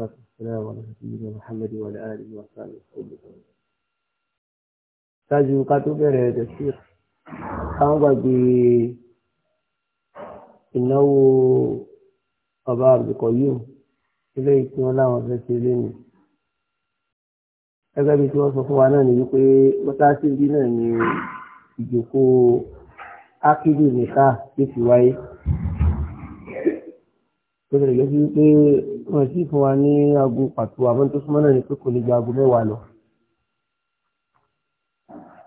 والصلاة والسلام على نبينا محمد وعلى آله وصحبه وسلم. ṣáájú ká tó bẹ̀rẹ̀ tẹ̀síìr káwọn gbàgbé ìnáwó ọba àbùkọ yìí ilé tí wọn láwọn fẹ́ ṣe lénìí. gẹ́gẹ́ bí tí wọ́n sọ fún wa náà ni wípé mọ́tàṣí bí náà ni ìjókòó ákídù nìka yóò fi wáyé tó lè lọ́sí pé wọ́n sì fún wa ní aago pàtó àmọ́ tó súnmọ́ náà ni pé kò ní ju aago mẹ́wàá lọ.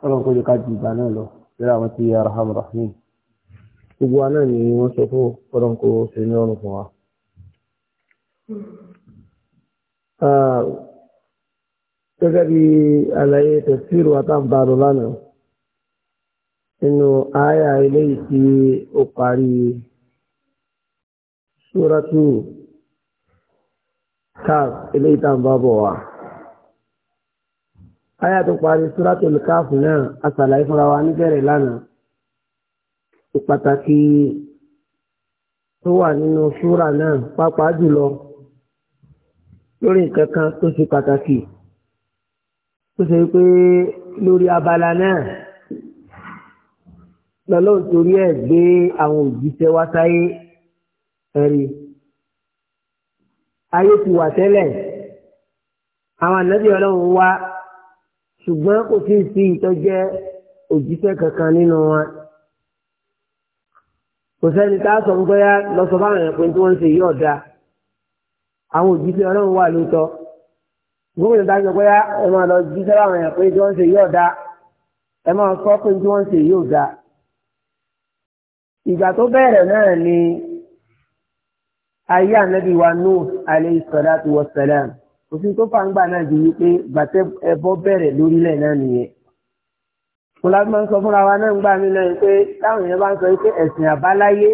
ọlọ́run kò lè ká ju ìgbà náà lọ lẹ́la àwọn ti araham rahim. gbogbo wa náà ni wọ́n sọ fún ọlọ́run kò ṣe ní ọrùn fún wa. gẹ́gẹ́ bí àlàyé tẹ̀síìrù àtàǹbàrò lánàá nínú àyà eléyìí tí ó parí. Suratu kaf ilé ìtàǹbà bọ̀ wá. Aya tó parí Súratù Káf náà asàlàyé fúnra wa níbẹ̀rẹ̀ lánàá. Ìpàtàkì tó wà nínú súra náà pàápàá jùlọ lórí nǹkan kan tó ṣe pàtàkì tó ṣe pé lórí abala náà lọ́lọ́run torí ẹ̀ gbé àwọn òjíṣẹ́ wá sáyé. ẹ̀rí ayé ti wà tẹ́lẹ̀ àwọn ànábì ọlọ́run wá ṣùgbọ́n kò sí ìtọ́jẹ́ òjíṣẹ́ kankan nínú wọn kò sẹ́ni tá a sọ fún bóyá lọ́sọ báwọn èèyàn pé tí wọ́n ń ṣe yí ọ̀dà àwọn òjíṣẹ́ ọlọ́run wà lóòótọ́ gómìnà tá a sọ ẹ máa lọ jíṣẹ́ pé tí wọ́n ń ṣe yí sọ pé tí wọ́n ń ṣe yí ọ̀dà ìgbà tó bẹ̀rẹ̀ ni. ayé ànábì wa Nuh alayhi salatu wa salam òfin tó fà ń gbà náà di wípé bàtẹ́ ẹbọ bẹ̀rẹ̀ lórílẹ̀ náà nìyẹn. mo lábẹ́ máa ń sọ fúnra wa náà ń gbà mí náà pé táwọn èèyàn bá ń sọ pé ẹ̀sìn àbáláyé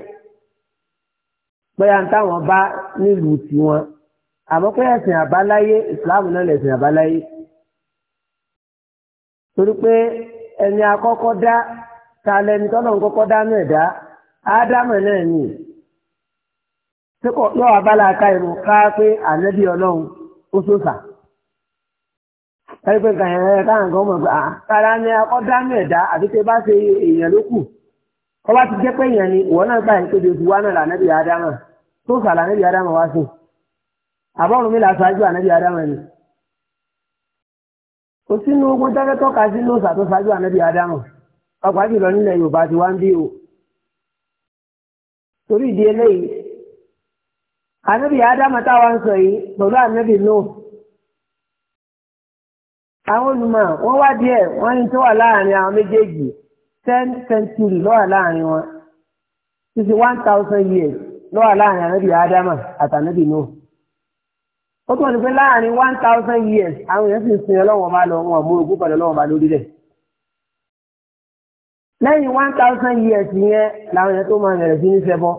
bóyá táwọn bá nílùú tiwọn àmọ́ pé ẹ̀sìn àbáláyé ìsìláàmù náà lẹ̀sìn àbáláyé. torí pé ẹni àkọ́kọ́ dá ta lẹni tọ́lọ́ síkọ̀ yọ abala aka ìlú ká pé ànábì ọlọ́run ó sósà ẹgbẹ́ nǹkan ẹ̀rẹ́ káwọn kan mọ̀ pé à ah, kára ni ọ̀dánù ẹ̀dá àti pé bá ṣe èèyàn ló kù kọ́ bá ti jẹ́ pé èèyàn ni ìwọ náà gbà yín pé ojú wa náà lànàbì ádámà sósà lànàbì ádámà wá sí àbọ̀rùn mi làṣáájú ànàbì ádámà ni kò sínú ogun tẹ́fẹ́ tọ́ka sínú òsà tó ṣáájú ànàbì ádámà ọ̀pá jùlọ nílẹ̀ ti wá ń bí o torí ìdí eléyìí ànábì ádámà táwa ń sọ yìí pẹ̀lú ànábì náà àwọn olùmọ̀ wọ́n wá díẹ̀ wọ́n ní tó wà láàrin àwọn méjèèjì ten century ló wà láàrin wọn títí one thousand years ló wà láàrin ànábì ádámà àtànábì náà ó tún wọ́n ní pé láàrin one thousand years àwọn èèyàn sì ń sin ọlọ́wọ́n bá lọ wọn mú ogún pẹ̀lú ọlọ́wọ́n bá lórí rẹ̀ lẹ́yìn one thousand years yẹn làwọn èèyàn tó máa bẹ̀rẹ̀ sí ní ṣẹbọ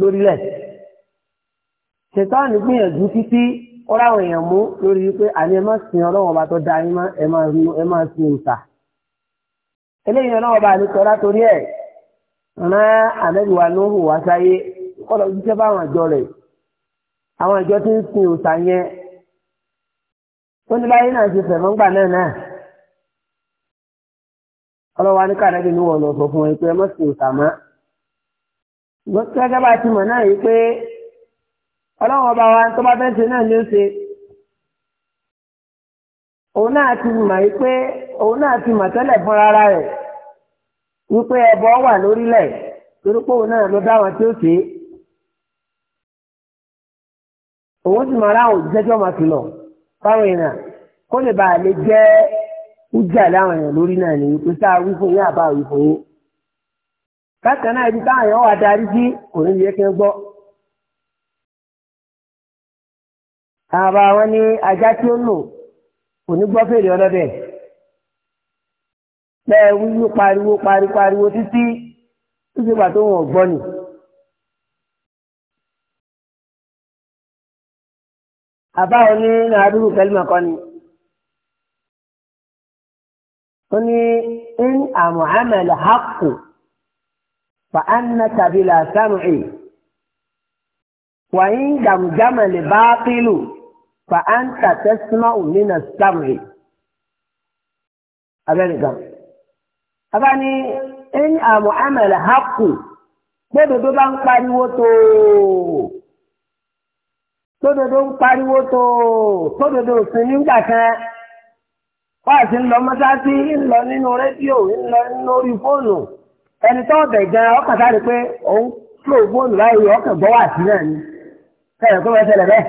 lórílẹ̀. ṣètọ́ọ̀nù gbìyànjú títí ọ̀rọ̀ àwọn èèyàn mú lórí wípé àní ẹ máa sin ọlọ́run ọba tó dá yín ẹ máa rí sin òòṣà eléyìí ọlọ́run ọba àní tọ́lá torí ẹ̀ rán ànábìwá nóhùn wá sáyé bá àwọn rẹ̀ àwọn tí ń sin yẹn ó ní báyìí náà ṣe náà náà ọlọ́wọ́ ọlọ́run ọba wa tó bá fẹ́ ṣe náà ni ṣe òun náà ti mọ̀ yìí pé òun náà ti mọ̀ tẹ́lẹ̀ fún rárá rẹ̀ wípé ẹbọ wà lórílẹ̀ torí pé òun náà ló dá wọn tí ó ṣe òun sì mọ̀ ráhùn òjíṣẹ́ tí wọ́n máa fi lọ fáwọn èèyàn kó lè bàa lè jẹ́ láwọn èèyàn lórí náà wípé sáà àbá wọn ní ajá tí ó lò kò ní gbọ́ fèrè ọlọ́dẹ bẹ́ẹ̀ wíwú pariwo pariwo pariwo títí títí pàtó wọn ò gbọ́ ni. àbá wọn ní nàádúró kẹlímà kan ni ó ní ń àmọ̀hámẹ́lì hàkù fa'anna tabila sam'i wa in damjama li batilu fa an ta tẹ́símà òmìnira sàmì abẹ́nìgá. Bàbá ni ẹni àmọ́ àmàlà hapù gbódòdó bá ń pariwo tóó tódòdó ń pariwo tóó tódòdó òsìn nígbà kan wọ́n àti ń lọ mọ́sáàsì ń lọ nínú rédíò ń lọ lórí fóònù ẹni tó ọ̀bẹ̀ gan ọkàn sáré pé òun fúlò fóònù láyé ọkàn gbọ́ wà sí náà ni kẹ́rẹ̀ kó bá ṣẹlẹ̀ bẹ́ẹ̀.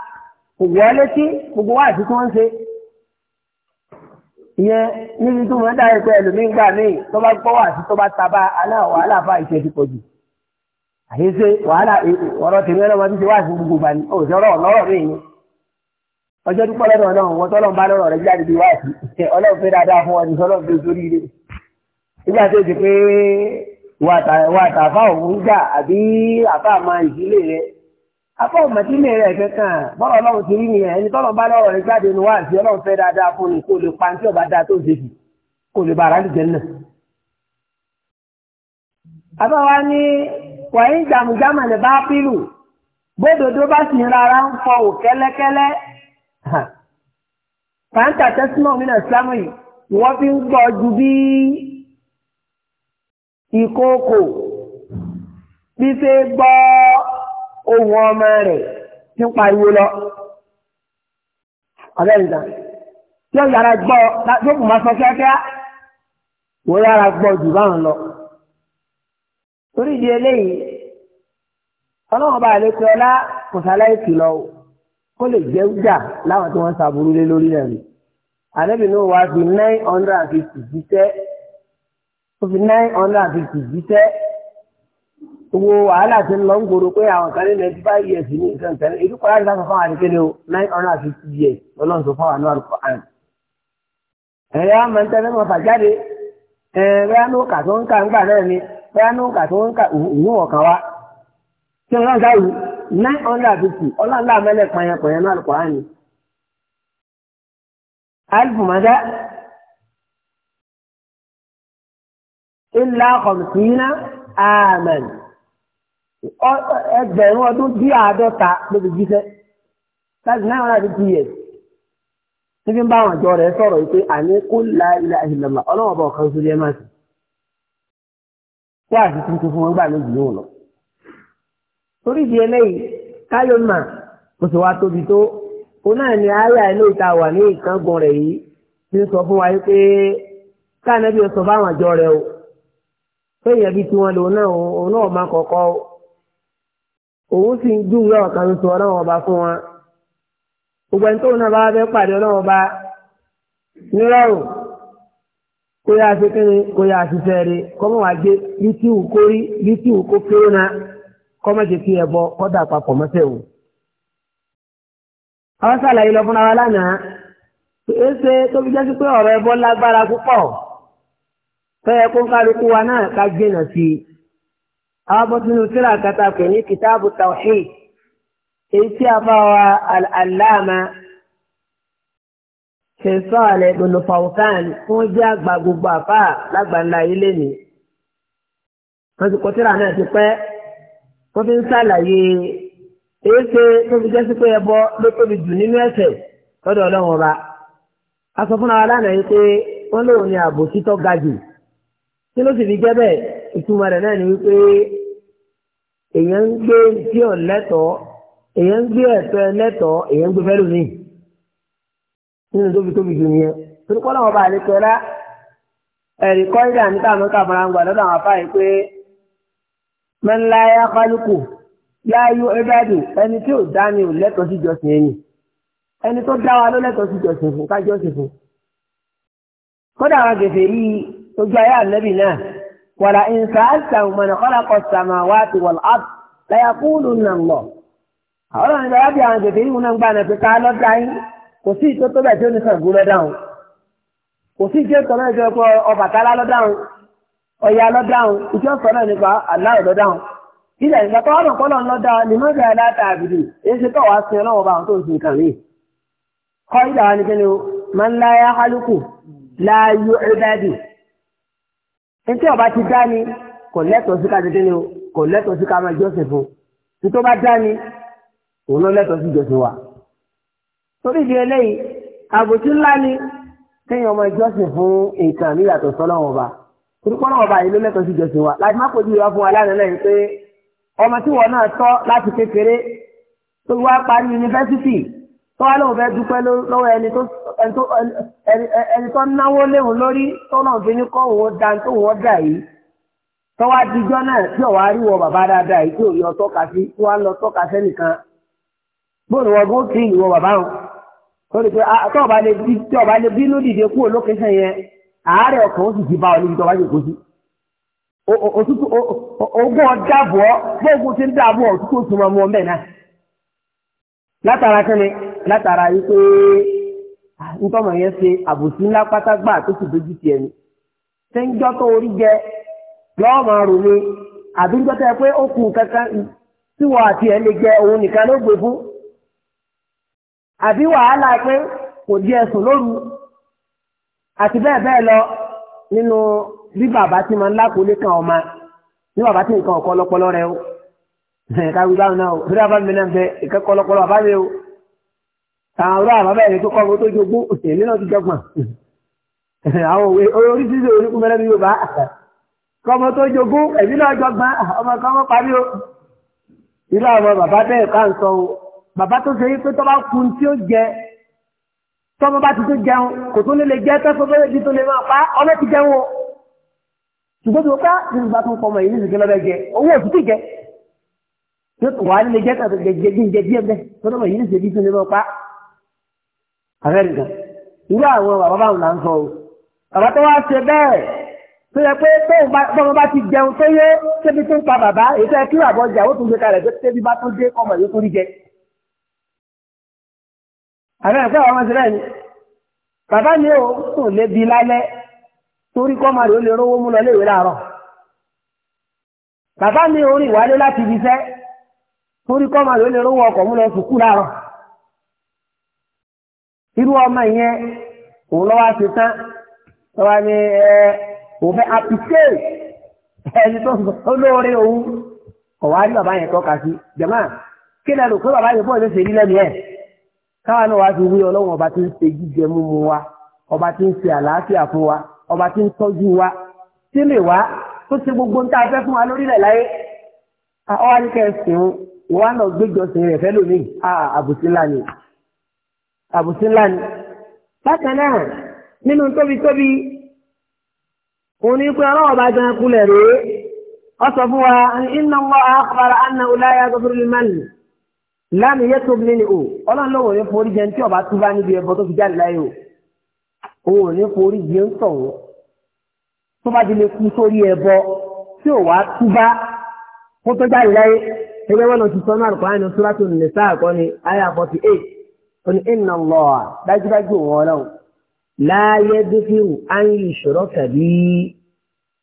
gbogbo wa létí gbogbo wa àti tí wọ́n ń ṣe ìyẹn níbi tó máa ń dáre pé ẹlòmíín gbà míì tó bá gbọ́ wà sí tó bá taba aláwàhálà bá ìṣe ti pọ̀ jù àyíṣe wàhálà ọ̀rọ̀ tèmi ọlọ́mọ tó ṣe wà sí gbogbo gbani ó ṣe ọ̀rọ̀ ọ̀lọ́rọ̀ míì ni ọjọ́ dúpọ̀ lọ́dọ̀ ọlọ́run wọn tọ́lọ́run bá lọ́rọ̀ rẹ jáde bí wà ọlọ́run fẹ́ afọ́ màdínà rẹ̀ kankan bọ́rọ̀ ọlọ́run ti rí nìyẹn ẹni tọ́lọ̀ bá lọ́rọ̀ rẹ̀ jáde ní wáàsí ọlọ́run fẹ́ dáadáa fún ni kò lè pa tí ọba dáa tó ṣe jù kò lè bàrà nìjẹ́ náà. àbáwá ní wàyí jàmùjámà ní bá pílù bódòdó bá sì rárá ń fọ òkẹ́lẹ́kẹ́lẹ́ pàǹtà tẹ́símọ̀ mi náà sílámù yìí wọ́n fi ń gbọ́ ju bí ìkókò bí ṣe gbọ́ọ́ ohun ọmọ rẹ̀ ti ń pariwo lọ. Abẹ́rìndà tí ó yára gbọ́ tó kù máa sọ kíákíá wò yára gbọ́ jù báwọn lọ. Torí ìdí eléyìí, ọlọ́run bá àlékún ọlá kò sáláì kìlọ̀ o, kó lè jẹ́ jà láwọn tí wọ́n ṣàbúrú lé lórí rẹ̀ rí. Àlébì náà wá fi nine hundred and fifty jíṣẹ́. Ó fi nine hundred and fifty jíṣẹ́. owó wàhálà ti ń lọ ń gbòòrò pé àwọn kan ní ninety five years ní nǹkan kan èdè kọ́lá ti sọ fáwọn àdékèlè o nine hundred and fifty years ọlọ́run sọ fáwọn anúwàlú kọ́ àn. ẹ̀rẹ́ wa máa ń tẹ́lẹ̀ mọ́ fàjáde ẹ̀rẹ́ anú kà tó ń kà ń gbà náà ni ẹ̀rẹ́ anú kà tó ń kà òun tí nine hundred and fifty ọlọ́run mẹ́lẹ̀ alifu ẹgbẹ̀rún ọdún bí àádọ́ta ló ti jíṣẹ́ láti nine hundred and fifty years níbi ń bá àwọn àjọ rẹ̀ sọ̀rọ̀ wípé àní kó la ilaha illallah ọlọ́wọ́n bá ọ̀kan sórí ẹ̀ máa sì wá àti tuntun fún wọn gbà méjì lóhùn lọ. torí ìdí eléyìí káyọ̀ mà kò sì wá tóbi tó òun náà ni àyà ilé ìta wà ní ìkángun rẹ̀ yìí ti ń sọ fún wa pé káàná bí o sọ fáwọn àjọ rẹ̀ o pé èèyàn bíi tiwọn lòun náà òun náà máa kọ̀ọ̀kọ́ òun sì ń júwe ọ̀kan tuntun ọlọ́run ọba fún wọn gbogbo ẹni tóun náà bá fẹ́ pàdé ọlọ́run ọba nírọ̀rùn kó yá ṣe kí ni kó yá ṣiṣẹ́ rí kọ́mọ wá gbé lítíwù kó rí lítíwù kó kéré na kọ́mọ jẹ́ kí ẹ bọ kọ́dà papọ̀ mọ́sẹ̀ wò. àwọn sàlàyé lọ fúnra wa lánàá ẹ ṣe tó fi jẹ́ sí pé ọ̀rọ̀ ẹbọ lágbára púpọ̀ fẹ́ẹ́ kó kálukú wa náà ká gbénà sí i abọ́túnú tíra kata pè ní kìtàbù tawhid èyí tí a bá wa al'alama ṣẹ̀sọ́ọ̀lẹ̀ ibn Fawzan tí wọ́n jẹ́ àgbà gbogbo àfà lágbàńlá ilé ni wọ́n ti kọ tíra náà ti pẹ́ wọ́n fi ń sàlàyé èyí ṣe tó fi jẹ́ sí pé ẹbọ ló tóbi jù nínú ẹ̀ṣẹ̀ lọ́dọ̀ ọlọ́run ọba a sọ fúnra wa lánàá yìí pé wọ́n lóun ní àbòsí tó ga jù kí ló sì ìtumọ̀ rẹ̀ náà ni wípé èèyàn ń gbé tí ò lẹ́tọ̀ọ́ èèyàn ń gbé ẹ̀tọ́ ẹlẹ́tọ̀ọ́ èèyàn ń gbé fẹ́ lónìí nínú tóbi tóbi jù nìyẹn torí kọ́ làwọn bá àlejò ẹlá ẹ̀rí kọ́ńdà ní táwọn mẹ́ta fara ń gbà lọ́dọ̀ àwọn afáyé pé mẹ́ńláyà kálukú láyú ẹ̀dádù ẹni tí ò dá ni ò sí ìjọsìn ẹ̀yìn ẹni tó dá wa ló lẹ́tọ̀ọ́ sí ìjọsìn fún kájọ́sìn fún kódà àwọn gèfè yìí ojú ayé àlẹ́bì náà ولئن سألتهم من خلق السماوات والأرض ليقولن الله ọlọ́run ìjọba bí àwọn kèké yìí náà ń gbà náà fi ká lọ́dà yín kò sí ìtò tó bẹ̀ tí ó ní sàngó lọ́dà òun kò sí ìjẹ́ sọ náà ìjọba Ọbàtálá lọ́dà òun Ọya lọ́dà òun ìjọ sọ náà nípa Allah lọ́dà òun ilẹ̀ ìgbà tó ọ̀nà kọ́nà lọ́dà lèmọ́sẹ̀ aláta àbìdì èyí ntí ọba ti dá ni kò lẹ́tọ̀ọ́ sí ká dédé ni o kò lẹ́tọ̀ọ́ sí ká máa jọ́sìn fún ntí ọba dá ni òun ló lẹ́tọ̀ọ́ sí jọ́sìn wa. torí ìdí eléyìí àbòtí ńlá ni kéèyàn ọmọ ìjọsìn fún nǹkan mi yàtọ̀ sọ́lọ́wọ́n ọba torípọ́ náà ọba yìí ló lẹ́tọ̀ọ́ sí jọ́sìn wa láti má kojú ìwà fún wa lánàá lẹ́yìn pé ọmọ tí wọn náà tọ́ láti kékeré tó wá parí yunifásitì tó wá lóun fẹ́ dúpẹ́ lọ́wọ́ ẹni tó náwó léhùn lórí tó náà fi ní kọ́ òun dá tó wọ́n dà yìí tó wá dijọ́ náà tí ọ̀wá wọ bàbá dáadáa yìí tí tọ́ka sí tó lọ tọ́ka sẹ́nìkan bóòlù wọn gún ìwọ bàbá wọn tó lè pe tí ọba lè bínú dìde kúrò lókè yẹn àárẹ̀ ọkàn ogún ọjà ti ń látara kẹ́ni látara yìí pé ntọ́mọ̀ yẹn ṣe àbòsí ńlá pátágbà tó sì dojú tiẹ̀ ni sẹ́ńjọ́ tó orí jẹ lọ́wọ́ máa rò ní àbíjọ́ tẹ́ pé ó kù kankan tí wọ́n àti ẹ̀ lè jẹ òun nìkan ló gbé fún àbí wàhálà pé kò di ẹ̀sùn lóru àti bẹ́ẹ̀ bẹ́ẹ̀ lọ nínú bí bàbá ti máa ń lákòólé kan ọmọ ní bàbá ti nǹkan ọ̀kọ́ lọ́pọlọ rẹ o káwí báwọn náà o fúdà bá mi náà fẹ ìkẹ́kọ̀ọ́lọ́kọ́lọ́ àbá mi o àwọn ọ̀rọ̀ àbábẹ́ rẹ̀ tó kọ́ ọmọ tó jogún èmi náà ti jọgbọ̀n àwọn òwe oríṣiríṣi oníkun mẹ́lẹ́ mi yóò bá kọ́mọ tó jogún èmi náà jọgbọ̀n ọmọ kan mọ́ parí o ilé àwọn bàbá bẹ́ẹ̀ ká ń sọ o bàbá tó ṣe pé tọ́ bá kun tí ó jẹ tọ́mọ bá ti tó jẹun kò tó lè jẹ tẹ́fọ́ bẹ́ẹ̀ di tó lè máa pa ọlọ́ ti jẹun o ṣùgbọ́n tó ká nígbà tó ń pọ̀ mọ́ èyí nìkan lọ́bẹ̀ jẹ owó òtútù jẹ yóò tó wà á lè jẹ́ kàtó jẹjẹjẹ díẹ̀ bẹ́ẹ̀ tọ́lọ́ bọ̀ yìí ní ṣèbí tún lè mọ́ pa amẹ́ríkà irú àwọn bàbá báwọn là ń sọ o bàbá tó wá ṣe bẹ́ẹ̀ tó yẹ pé tóun bá ti jẹun tó yé ṣébi tó ń pa bàbá ètò ẹ kí bàbá ọjà ó tún gbé kalẹ̀ tó ṣébi bá tó dé ọmọ yóò tó rí jẹ. amẹ́ríkà wà wọ́n ṣe bẹ́ẹ̀ ni bàbá mi ò tún lè bi lálẹ́ torí kọ́ ọmọ rẹ̀ ó lè rówó mú lọ léèwé láàárọ̀ bàbá mi ò rìn wálé láti ibi iṣẹ́ torí kọ́ máa ló lè rówó ọkọ̀ mú lọ sùkú láàárọ̀ irú ọmọ yẹn òun lọ́wọ́ ṣe tán lọ́wọ́ ni òun fẹ́ àpìṣe ẹni tó lóore òun ọ̀wá rí bàbá yẹn tọ́ka sí jẹ̀mọ́ kí lẹ́nu pé bàbá yẹn bọ́ ló ṣe rí lẹ́nu ẹ̀ káwa náà wá fi wí ọlọ́run ọba tí ń ṣe jíjẹ múmu wa ọba tí ń ṣe àlàáfíà fún wa ọba tí ń tọ́jú wa tí lè wá tó ṣe gbogbo ń tá a fẹ́ fún wa lórílẹ̀ láyé ọ wá ní wà lọ gbéjọsìn rẹ̀ fẹ́lò ní àbùsílà ni àbùsílà ni bákan náà nínú tóbitóbi òun ní pé ọlọ́wọ́ bá gan kulẹ̀ rèé ọ sọ fún wa iná wọ àkọbàrà àna ọláyà gbọ́dọ̀ lè máa lò láàmì yẹ tóbi nínú o ọlọ́run lọ́wọ́ ní forí jẹun tí ọba túbá níbi ẹbọ tó fi jáde láyé o òun ní forí jẹun sọ̀rọ̀ tó bá ti kú sórí ẹbọ tí ò wá túbá kó tó jáde láyé ẹgbẹ́ wọn lọ ti sọ náà kọ́ni sùràtù nìsá kọ́ni àyà forty eight kọ́ni iná lọ dájúdájú wọn ọlọ́run láàyè dúkìrù áyì ìṣòro tàbí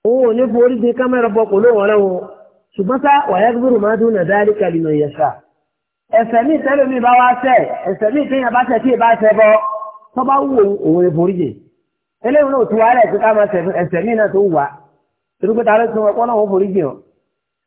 òun ò ní forí di kámẹ́rà bọ́ kò lóun ọlọ́run ṣùgbọ́n sá wàyà gbúrú máa dún nàdárí kàlínà yẹsà ẹ̀ṣẹ̀ mi tẹ́lẹ̀ mi bá wá ṣẹ̀ ẹ̀ṣẹ̀ mi tẹ́yìn bá ṣẹ̀ tí ì bá ṣẹ̀ bọ́ tó bá wù òun ò forí eléyìí náà tó wá rẹ̀ tó ká máa ṣẹ̀ ẹ̀ṣẹ̀ mi náà tó wà torí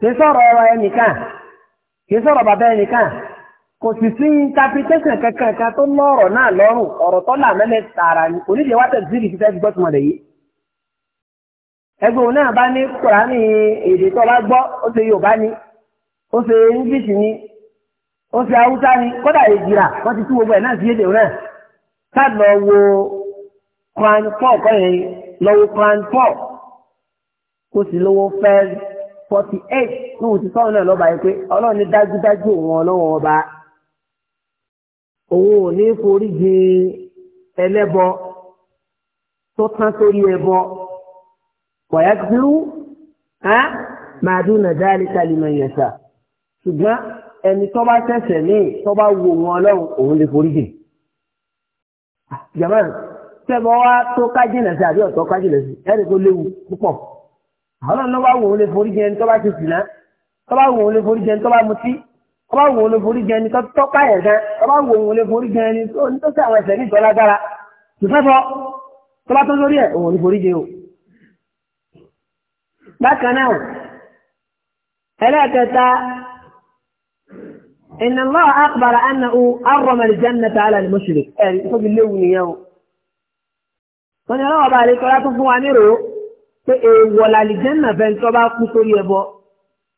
kì í sọ̀rọ̀ ọ̀rọ̀ ẹnìkan kì í sọ̀rọ̀ bàbá ẹnìkan kò sì sí interpretation kankan kan tó lọ́rọ̀ náà lọ́rùn ọ̀rọ̀ tó mẹ́lẹ̀ tààrà ni kò nídìí wáṣẹ̀ ziri ti fẹ́ẹ́ gbọ́ tìmọ̀lẹ̀ yìí. ẹgbẹ́ òun náà bá ní kùránì èdè tó bá gbọ́ ó ṣe Yorùbá ni ó ṣe English ni ó ṣe Haúsá ni kódà èjìrà wọ́n ti tú gbogbo ẹ̀ náà sí èdè náà ká lọ wo Quran Paul kọ́ yẹn lọ wo Quran Paul kó sì lówó fẹ́ẹ́ forty eight ní òun ti sọ́run náà lọ́ba yìí pé ọlọ́run ní dájúdájú òun ọlọ́run ọba òun ò ní forí jì ẹlẹ́bọ tó tán sórí ẹbọ wàyákìlú máa dún nàdá àlìkàlìmọ̀ ìyẹ̀sà ṣùgbọ́n ẹni tó bá ṣẹ̀ṣẹ̀ ní tó bá wo wọn ọlọ́run òun lè forí jì jàmáà sẹ́bọ̀ wá tó kájìnà sí àbí ọ̀tọ̀ kájìnà sí ẹni tó léwu púpọ̀ ọlọ́run náà bá wò ó lè forí jẹni tó bá ti sìnà tó bá wò ó lè forí jẹni tó bá mutí tó bá wò ó lè forí jẹni tó tọ́pá ẹ̀ gan tó bá wò ó lè forí jẹni tó sí àwọn ẹ̀ṣẹ̀ ní ìtọ́lágbára tùfẹ́fọ́ tó bá tó lórí ẹ̀ òun lè forí jẹ o. bákan náà ẹlẹ́ẹ̀kẹta inna Allah akbar annahu harrama al-jannata ala al-mushrik ẹ̀ tó léwu nìyẹn o pé èèwọ̀ làlìjẹ́nà fẹ́ tó bá kú sórí ẹbọ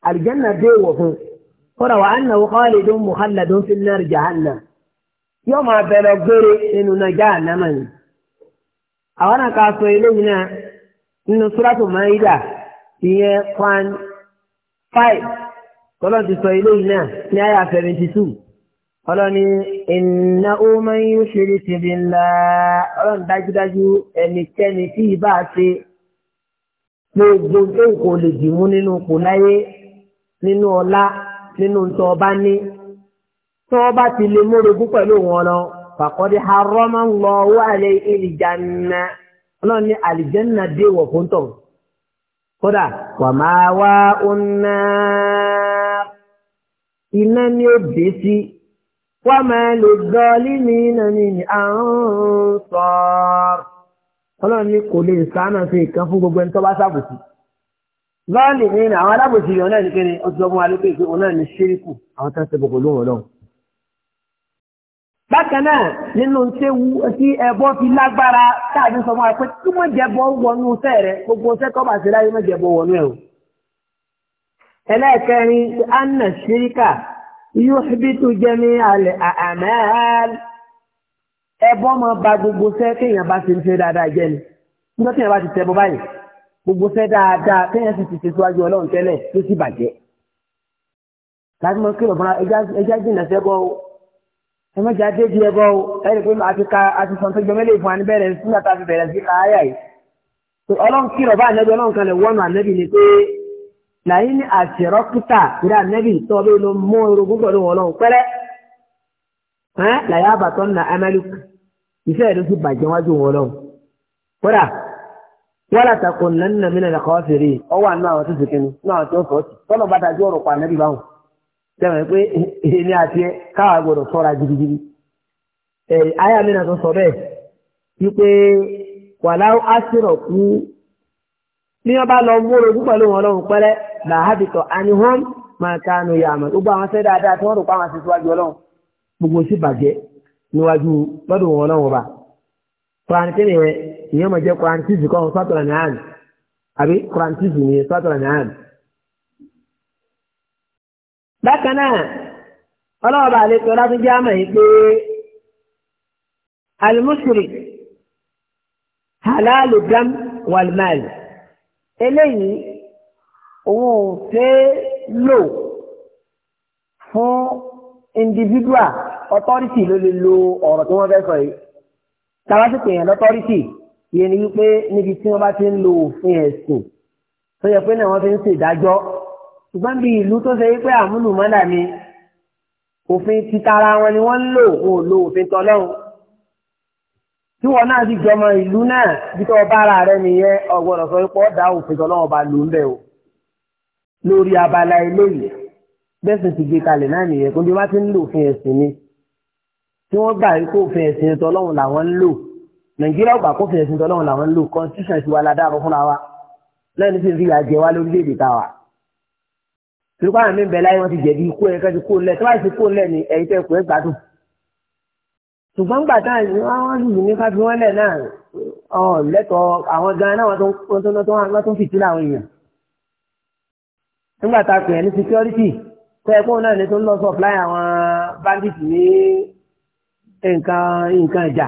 àlìjẹ́nà dé èèwọ̀ fún kódà wà á nà wọ́n kọ́lé dún mùhálà dún fi náà jàánà yóò máa bẹ̀rẹ̀ gbére nínú náà jàánà mọ̀ ní. àwọn náà ká sọ eléyìí náà nínú súrátù máyídà ìyẹn kwan five kọ́lọ́ ti sọ eléyìí náà ní àyà seventy two ọlọ́ni iná ó máa ń ṣe é ṣe bí ńlá ọlọ́ni dájúdájú ẹnikẹ́ni tí ì bá ṣe gbogbo nǹkan ò lè dì mú nínú ipò láyé nínú ọlá nínú ntọ́ ọba ní tí wọ́n bá ti lè mórogún pẹ̀lú wọn lọ fàkọ́dé harọ́mọ́ ń lọ wà lé ìlìjànà ọlọ́run ní àlìjẹ́nà dé wọ̀ fún tọ̀ kódà wà máa wá ọ̀nà iná ní ó sí wà máa lè dọ́ọ́lì ní iná ní àrùn sọ̀rọ̀ ọlọ́run ní kò lè sàánà sí nǹkan fún gbogbo ẹni tó bá ṣàbòsí lọ́ọ̀lì ní àwọn alábòsí rẹ̀ ọ̀nà ìdíkẹ́ ni ọtí ọgbọ́n alẹ́ pé ọ̀nà ní ṣíríkù àwọn tó ń ṣe gbogbo lóhùn ọlọ́run. bákan náà nínú tẹ́wu tí ẹbọ fi lágbára káàdì sọ fún wa pé jẹbọ wọnú sẹ́ rẹ gbogbo sẹ́ tó bá ṣe láyé wọ́n jẹbọ wọnú ẹ̀ o. ẹlẹ́ẹ̀kẹrin anna ṣíríkà yóò fi ẹbọ ma ba gbogbo sẹ́ kéèyàn bá ṣe ń ṣe dáadáa jẹ́ ni nígbà tí èèyàn bá ti tẹ bọ báyìí gbogbo sẹ́ dáadáa kéèyàn sì ti ṣe síwájú ọlọ́run tẹ́lẹ̀ tó sì bàjẹ́ láti mọ kí lọ́bọ̀n ẹja jìnnà sẹ́bọ o ẹ má jẹ́ adé di ẹbọ o ẹ rí i pé àti ka àti sọ̀tọ́ jọmẹ́lẹ̀ ìfún anibẹ̀rẹ̀ nígbà tá a fi bẹ̀rẹ̀ sí káyà yìí ọlọ́run kí lọ́bọ̀ ànẹ́bí ọlọ́run kan lè wọ́nu ànẹ́bí ni pé làyí ní àṣẹrọ́kítà ìdá ànẹ́bí tọ́ bí ló mú orogún pẹ̀lú ọlọ́run pẹ́rẹ́ làyà àbàtọ́ nà amẹ́lùkù iṣẹ́ rẹ̀ sì bàjẹ́ wájú wọn lọ. kódà wọ́n láta kò nánà na nna ka fèrè ọwọ́ àná àwọn tó sèkéni náà tó fọ́ sí tọ́lọ̀ bá tajú ọ̀rọ̀ pa ànábì báwọn. sẹ́wọ̀n pé èmi àti ẹ káwa gbọdọ̀ sọ́ra gidigidi. ẹ ayé mi sọ bẹ́ẹ̀ wípé wàlá kú wọn bá lọ múrò púpọ̀ lóhùn ọlọ́run pẹ́rẹ́ làhábìtọ̀ anihom máa kánú yàmọ̀ gbogbo àwọn sẹ́ níwájú lọ́dún wọn náà wọ́n bá kọ́rántì ni ìyẹn máa jẹ́ kọ́rántì sí kọ́hún sátọ̀rọ̀ ní àn àbí kọ́rántì sí ni sátọ̀rọ̀ ní àn. bákan náà ọlọ́wọ́ bá lè tọ́lá tó jẹ́ yìí pé alimusiri halalu dam walmal eléyìí òun ò fẹ́ lò fún individual ọtọ́rìtì ló lè lo ọ̀rọ̀ tí wọ́n fẹ́ sọ yìí tàbá sì pèèyàn lọ́tọ́rìtì yẹn ni wípé níbi tí wọ́n bá ti ń lo òfin ẹ̀sìn tó yẹ pé náà wọ́n fi ń ṣèdájọ́ ṣùgbọ́n bí ìlú tó ṣe wípé àmúlùmọ́là ni òfin titara wọn ni wọ́n ń lò wọn lo òfin tọ́lọ́run tí wọn náà ti jọmọ ìlú náà bí tọ́ bá ara rẹ nìyẹn ọgbọ́dọ̀ sọ pé ọ̀dà òfin tọ́lọ́run ọba ló ń bẹ̀ o lórí abala eléyìí bẹ́sẹ̀ ti gbé kalẹ̀ náà nìyẹn kó bí wọ́n ti ń lo òfin ẹ̀sìn ni tí wọ́n gbà kó òfin ẹ̀sìn ẹ̀tọ́ ọlọ́run làwọn ń lò nàìjíríà ògbà kó òfin ẹ̀sìn ẹ̀tọ́ ọlọ́run làwọn ń lò constitution ti wà ládàrú fúnra wa lẹ́nu tí n fi yàjẹ́ wá lórílẹ̀‐èdè ta wa. tìrúkọ́ àwọn mí bẹ̀rẹ̀ láyé wọ́n ti jẹ̀bi ikú ẹ̀ka ti kó lẹ̀ tí wọ́n ti kó lẹ̀ ní ẹ̀yìn tẹ́ ẹ̀kọ́ ẹ̀gbádùn. ṣùgbọ́n gbà táwọn wọ́n sì ní ká fi wọ́n lẹ̀ náà lẹ́tọ̀ọ́ àwọn gan-an náà wọ́n tó ń fìtí láwọn èèyàn. nígbà tá a pè é ní security tẹ́ ẹ̀kọ́ náà ní tó ń lọ supply àwọn bandits ní nǹkan nǹkan ìjà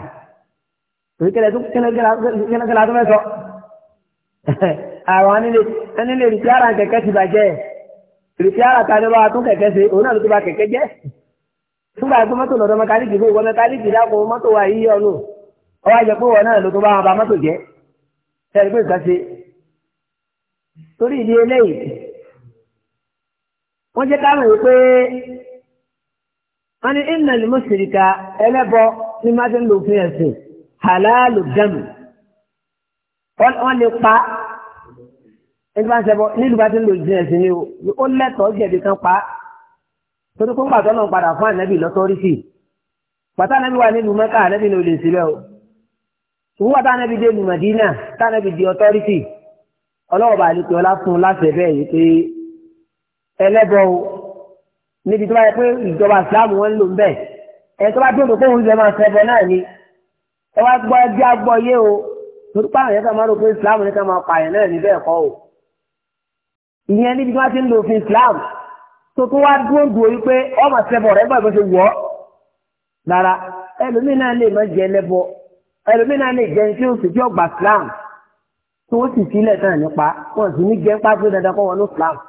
òbí kẹlẹ tó kẹlẹkẹlẹ tó mẹsọ àwọn anílé anílé rìpíárà kẹ̀kẹ́ ti bàjẹ́ rìpíárà ta ni wàá tún kẹ̀kẹ́ ṣe òun náà ló ti ba kẹ̀kẹ́ jẹ́ fúnbà ẹgbẹ́ mọ́tò lọ́dọ̀ mẹkáníìkì fún ìwọ mẹkáníìkì dáko mọ́tò wa yíyí ọ̀nù ọwọ́ àjẹ pé ìwọ náà ló tó bá wọn ba mọ́tò jẹ́ sẹ́ni pé nǹkan ṣe torí ìdí eléyìí wọ́n jẹ́ ká mọ̀ pé wọ́n ní ìnà lè mú sìríkà ẹlẹ́bọ ní má ti ń lò fún ẹ̀sìn hàlálù dẹ́mu wọ́n lè pa ẹni bá ń ṣẹbọ nílùú bá ti ń lò fún ẹ̀sìn ni ó lẹ́tọ̀ọ́ jẹ̀bi kan pa torí kó ń pàtó náà padà fún ànábì lọ́tọ́rí sí i pàtó ànábì wà nílùú mẹ́ka ànábì ni ò sílẹ̀ o ṣùgbọ́n pàtó ànábì dé lùmọ̀ dínà tánábì di ọtọ́rítì ọlọ́wọ́ bá àlùkò ọlá fún un láṣẹ bẹ́ẹ̀ yìí pé ẹlẹ́bọ o níbi tó bá yẹ pé ìjọba ìsìláàmù wọn ń lò ń bẹ̀ ẹ̀ tó bá tó tó kóhun ilẹ̀ máa ṣẹbọ náà ni ẹ wá gbọ́ ẹbí agbọ́ yé o torí pààrọ̀ yẹn ká máa rò pé ìsìláàmù ní ká máa pààyàn náà ní bẹ́ẹ̀ kọ́ o ìyẹn níbi tí wọ́n ti ń lo òfin ìsìláàmù tó tó wá dúró dúró yìí pé ọmọ ṣẹbọ rẹ bọ̀ bó ṣe wọ̀ rárá ẹlòmíín náà lè má jẹ ẹlẹ́bọ ẹlòmíín náà lè jẹ ẹni tí ó sì tí ó gbà tó ó sì sílẹ̀ tán nípa wọn sì ní gẹ́ pápẹ́ dandan kọ́ wọn ní ìsìláàmù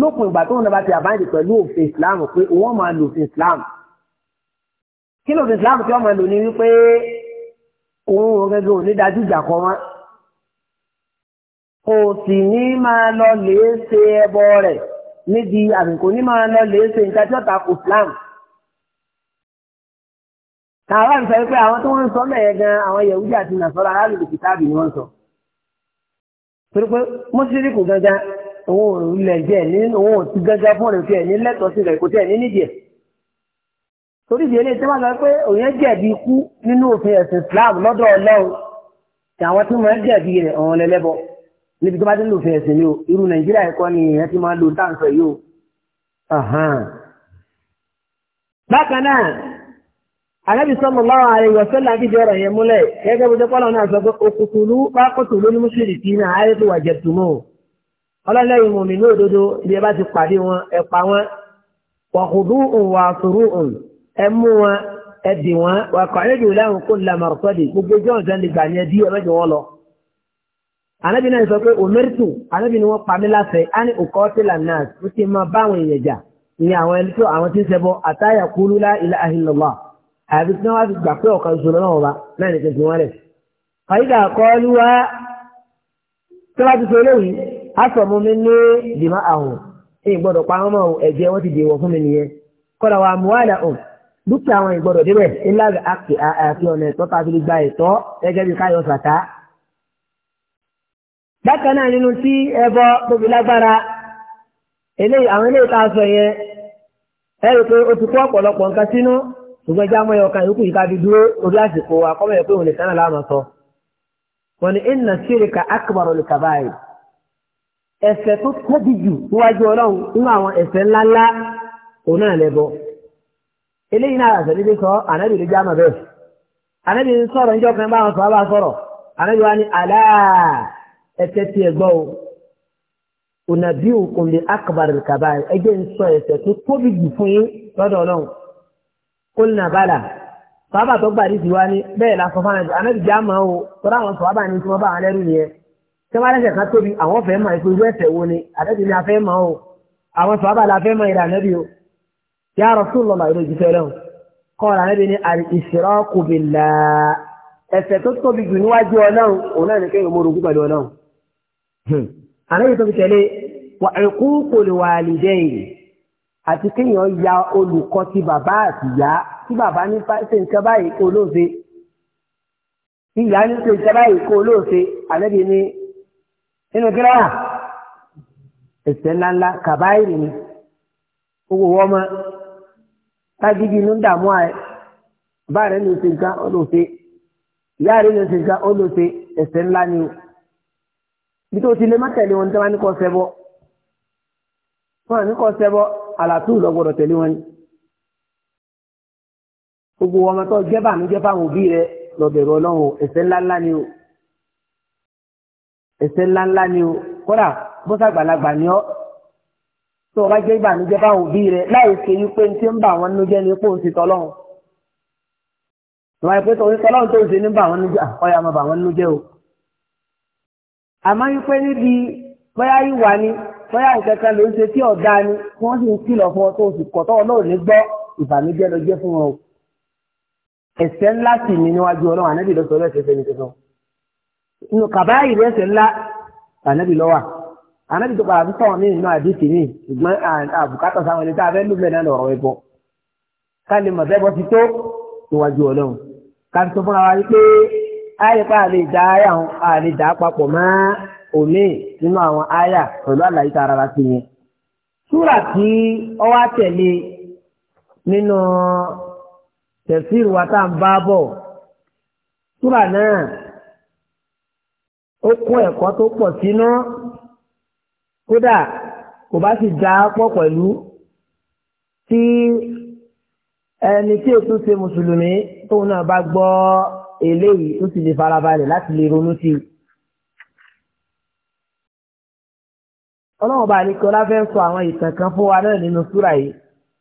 lópin ìgbà tó ń lọba ti àbáyé pẹ̀lú òfin islam pé wọ́n máa lo òfin islam kí ló òfin islam tí wọ́n máa lò ní wípé òun ò gẹ́gẹ́ òní dájú ìjà kan wá kò sì ní máa lọ lè ṣe ẹbọ rẹ̀ níbi àbíkò ní máa lọ lè ṣe nǹkan tí ó ta kò islam tààrà ń sọ wípé àwọn tó ń sọ mẹ́ẹ̀ gan àwọn yẹ̀wúdí àti nàṣọ́ra aráàlú kìtàbì ni wọ́n sọ torí pé mọ́ṣíríkù gangan òun ò lẹ̀ jẹ́ ní òun ti gẹ́gẹ́ fún rẹ̀ tiẹ̀ ní lẹ́tọ̀ọ́ sí rẹ̀ kò tiẹ̀ ní nídìí ẹ̀. torí ìdí eléyìí tí wọ́n sọ pé òun jẹ̀bi ikú nínú òfin ẹ̀sìn Islam lọ́dọ̀ Ọlọ́run tí àwọn tí wọ́n jẹ̀bi rẹ̀ ọ̀hún lẹ́lẹ́bọ níbi tó ẹ̀sìn ni o irú Nàìjíríà ẹ̀kọ́ ni ti máa lo yìí o. bákan náà yẹn ọlọ́lẹ́yìn mú mi ní òdodo ibi ẹ bá ti pàdé wọn ẹ pa wọn wàhùdú òun wà sùúrù òun ẹ mú wọn ẹ dì wọn wà kọ́lẹ́dì òláhùn kó lamọ̀rọ̀sọ́dì gbogbo ẹjọ́ ọ̀sán lè gbà ní ẹbí ọlọ́jọ́ wọn lọ. anábì náà sọ pé omeritu anábì ni wọ́n pa mí láfẹ̀ẹ́ á ní òkọ́ tílà náà ó ti máa bá àwọn èèyàn jà ní àwọn ẹni tó àwọn tí ń ṣẹbọ àtàyà kúlú lá ilaha illallah àbí tí wọ́n ti gbà pé ọ̀kan ṣoṣo náà wà náà ní kẹsì wọn rẹ̀. àyíká kọ́ lúwa tí wọ́n ti sọ eléyìí asọ̀mú mi ní dìmọ́ àhùn ẹ̀yìn gbọ́dọ̀ ọmọ ẹ̀jẹ̀ wọ́n ti dèwọ̀ fún mi nìyẹn kọ́dà wà mú àdà ọ̀hún dúkìá àwọn ìgbọ́dọ̀ débẹ̀ ńlá àti ọ̀nà ẹ̀tọ́ tá a fi lè gba ẹ̀tọ́ bí káyọ̀ sàtá. bákan náà nínú tí tóbi lágbára àwọn eléyìí tá a sọ yẹn ẹ rí i pé o ti kó ọ̀pọ̀lọpọ̀ nǹkan sínú ṣùgbọ́n yìí ká fi dúró orí àsìkò pé sọ. wọ́n ní ẹ̀ṣẹ̀ tó tóbi jù níwájú ọlọ́run nínú àwọn ẹ̀ṣẹ̀ ńláńlá òun náà lẹ́bọ eléyìí náà àṣẹ níbi sọ ànábì ló jáàmà bẹ́ẹ̀ ànábì ń sọ̀rọ̀ níjọ́ kan báwọn sọ bá sọ̀rọ̀ ànábì wa ní àlá ẹ̀ṣẹ̀ tí ẹ gbọ́ o ònàbí òkun lè akbar kaba ẹgbẹ́ ń sọ ẹ̀ṣẹ̀ tó tóbi jù fún yín lọ́dọ̀ ọlọ́run kó nà bàlà sọ́ọ́bà tó gbà ní tiwa ní tẹ́wàlẹ́sẹ̀ kan tóbi àwọn fẹ́ máa ìpé irú ẹ̀ṣẹ̀ wo ni àtẹ́tì ni a fẹ́ máa o àwọn sọ̀rọ̀ la fẹ́ máa ìrànẹ́bí o yá Rasulullah ìlú ìjíṣẹ́ rẹ̀ kọ́ ìrànẹ́bí ni al-ishraku billah ẹ̀ṣẹ̀ tó tóbi jù níwájú ọlọ́run òun náà ní kéèyàn mú orogún pẹ̀lú ọlọ́run. Hmm. àlejò tóbi tẹ̀lé wà uququl walidayn àti kéèyàn ya olùkọ́ ti bàbá àtìyá tí bàbá ní ṣe nǹkan báyìí kó lóòṣe ìyá ní ṣe nǹkan báyìí kó lóòṣe àlẹ́bí ni nínú gíráà ẹ̀ṣẹ̀ ńláńlá kàbáyìrì ni owó wọ́n mọ́ tágídí inú dààmú àẹ bá rẹ̀ ní oṣù nǹkan olóòfẹ́ ìyá rẹ̀ ní oṣù nǹkan olóòfẹ́ ẹ̀ṣẹ̀ ńlá ni o bí tó ti lè má tẹ̀lé wọn tí ní kọ́ sẹ́bọ wọn ní kọ́ sẹ́bọ àlàtú lọ́gbọ̀dọ̀ tẹ̀lé wọn ni gbogbo ọmọ tó jẹ́ bàmí jẹ́ fáwọn òbí rẹ̀ lọ́bẹ̀rẹ̀ ọlọ́run ẹ̀ṣẹ̀ ńláńlá ni o ẹ̀ṣẹ̀ ńláńlá ni o kódà bó sàgbàlagbà ni ọ́ tó o bá jẹ́ ìbànújẹ́ báwọn òbí rẹ láì ṣe yí pé ti ń bà wọ́n nínú jẹ́ ní pò ń ti tọ́lọ́hún tọ́wọ́ ìpẹ́tọ̀ orí tọ́lọ́hún tó ń ṣe ní bà wọ́n nínú jẹ́ ọ̀yà máa bà wọ́n nínú jẹ́ o àmọ́ yí pé níbi bóyá ìwà ni bóyá ìkẹ́kẹ́ ló ń ṣe tí ọ̀dá ni tí wọ́n sì ń kìlọ̀ fún ọ tó o sì kọ̀ tọ́wọ́ náà ní gbọ́ ìbànújẹ́ lọ jẹ́ fún ọ ẹ̀ṣẹ̀ ńlá sì ni níwájú Ọlọ́run ànábì lọ́sọ̀rọ̀ ẹ̀ṣẹ̀ fẹ́ni inú kàbáyì rẹ̀sẹ̀ ńlá ànábì lọ́wà ànábì tó pàdé sọ̀rọ̀ mí nínú àdìsí mi ṣùgbọ́n àbùkátà sáwọn ẹni tá a fẹ́ lù bẹ́ẹ̀ náà lọ̀rọ̀ ẹ̀bọ ká lè mọ̀ bẹ́ẹ̀ bọ́ ti tó níwájú ọlọ́run ká tó fúnra wa wípé àyíká àlè dá àyà hàn àlè dá papọ̀ mọ́ òní nínú àwọn àyà pẹ̀lú àlàyé tá ara sí yẹn. súrà tí ọ wá tẹ̀lé nínú tẹ̀síìrù wa tá à ń bá bọ̀ súrà náà ó kó ẹ̀kọ́ tó pọ̀ sínú kódà kò bá sì dá pọ̀ pẹ̀lú tí ẹni tí ètò ṣe mùsùlùmí tóun náà bá gbọ́ eléyìí tó sì lè farabalẹ̀ láti lè ronú sí i. ọlọ́run bá ní kí ọlá fẹ́ sọ àwọn ìtàn kan fún wa náà nínú súrà yìí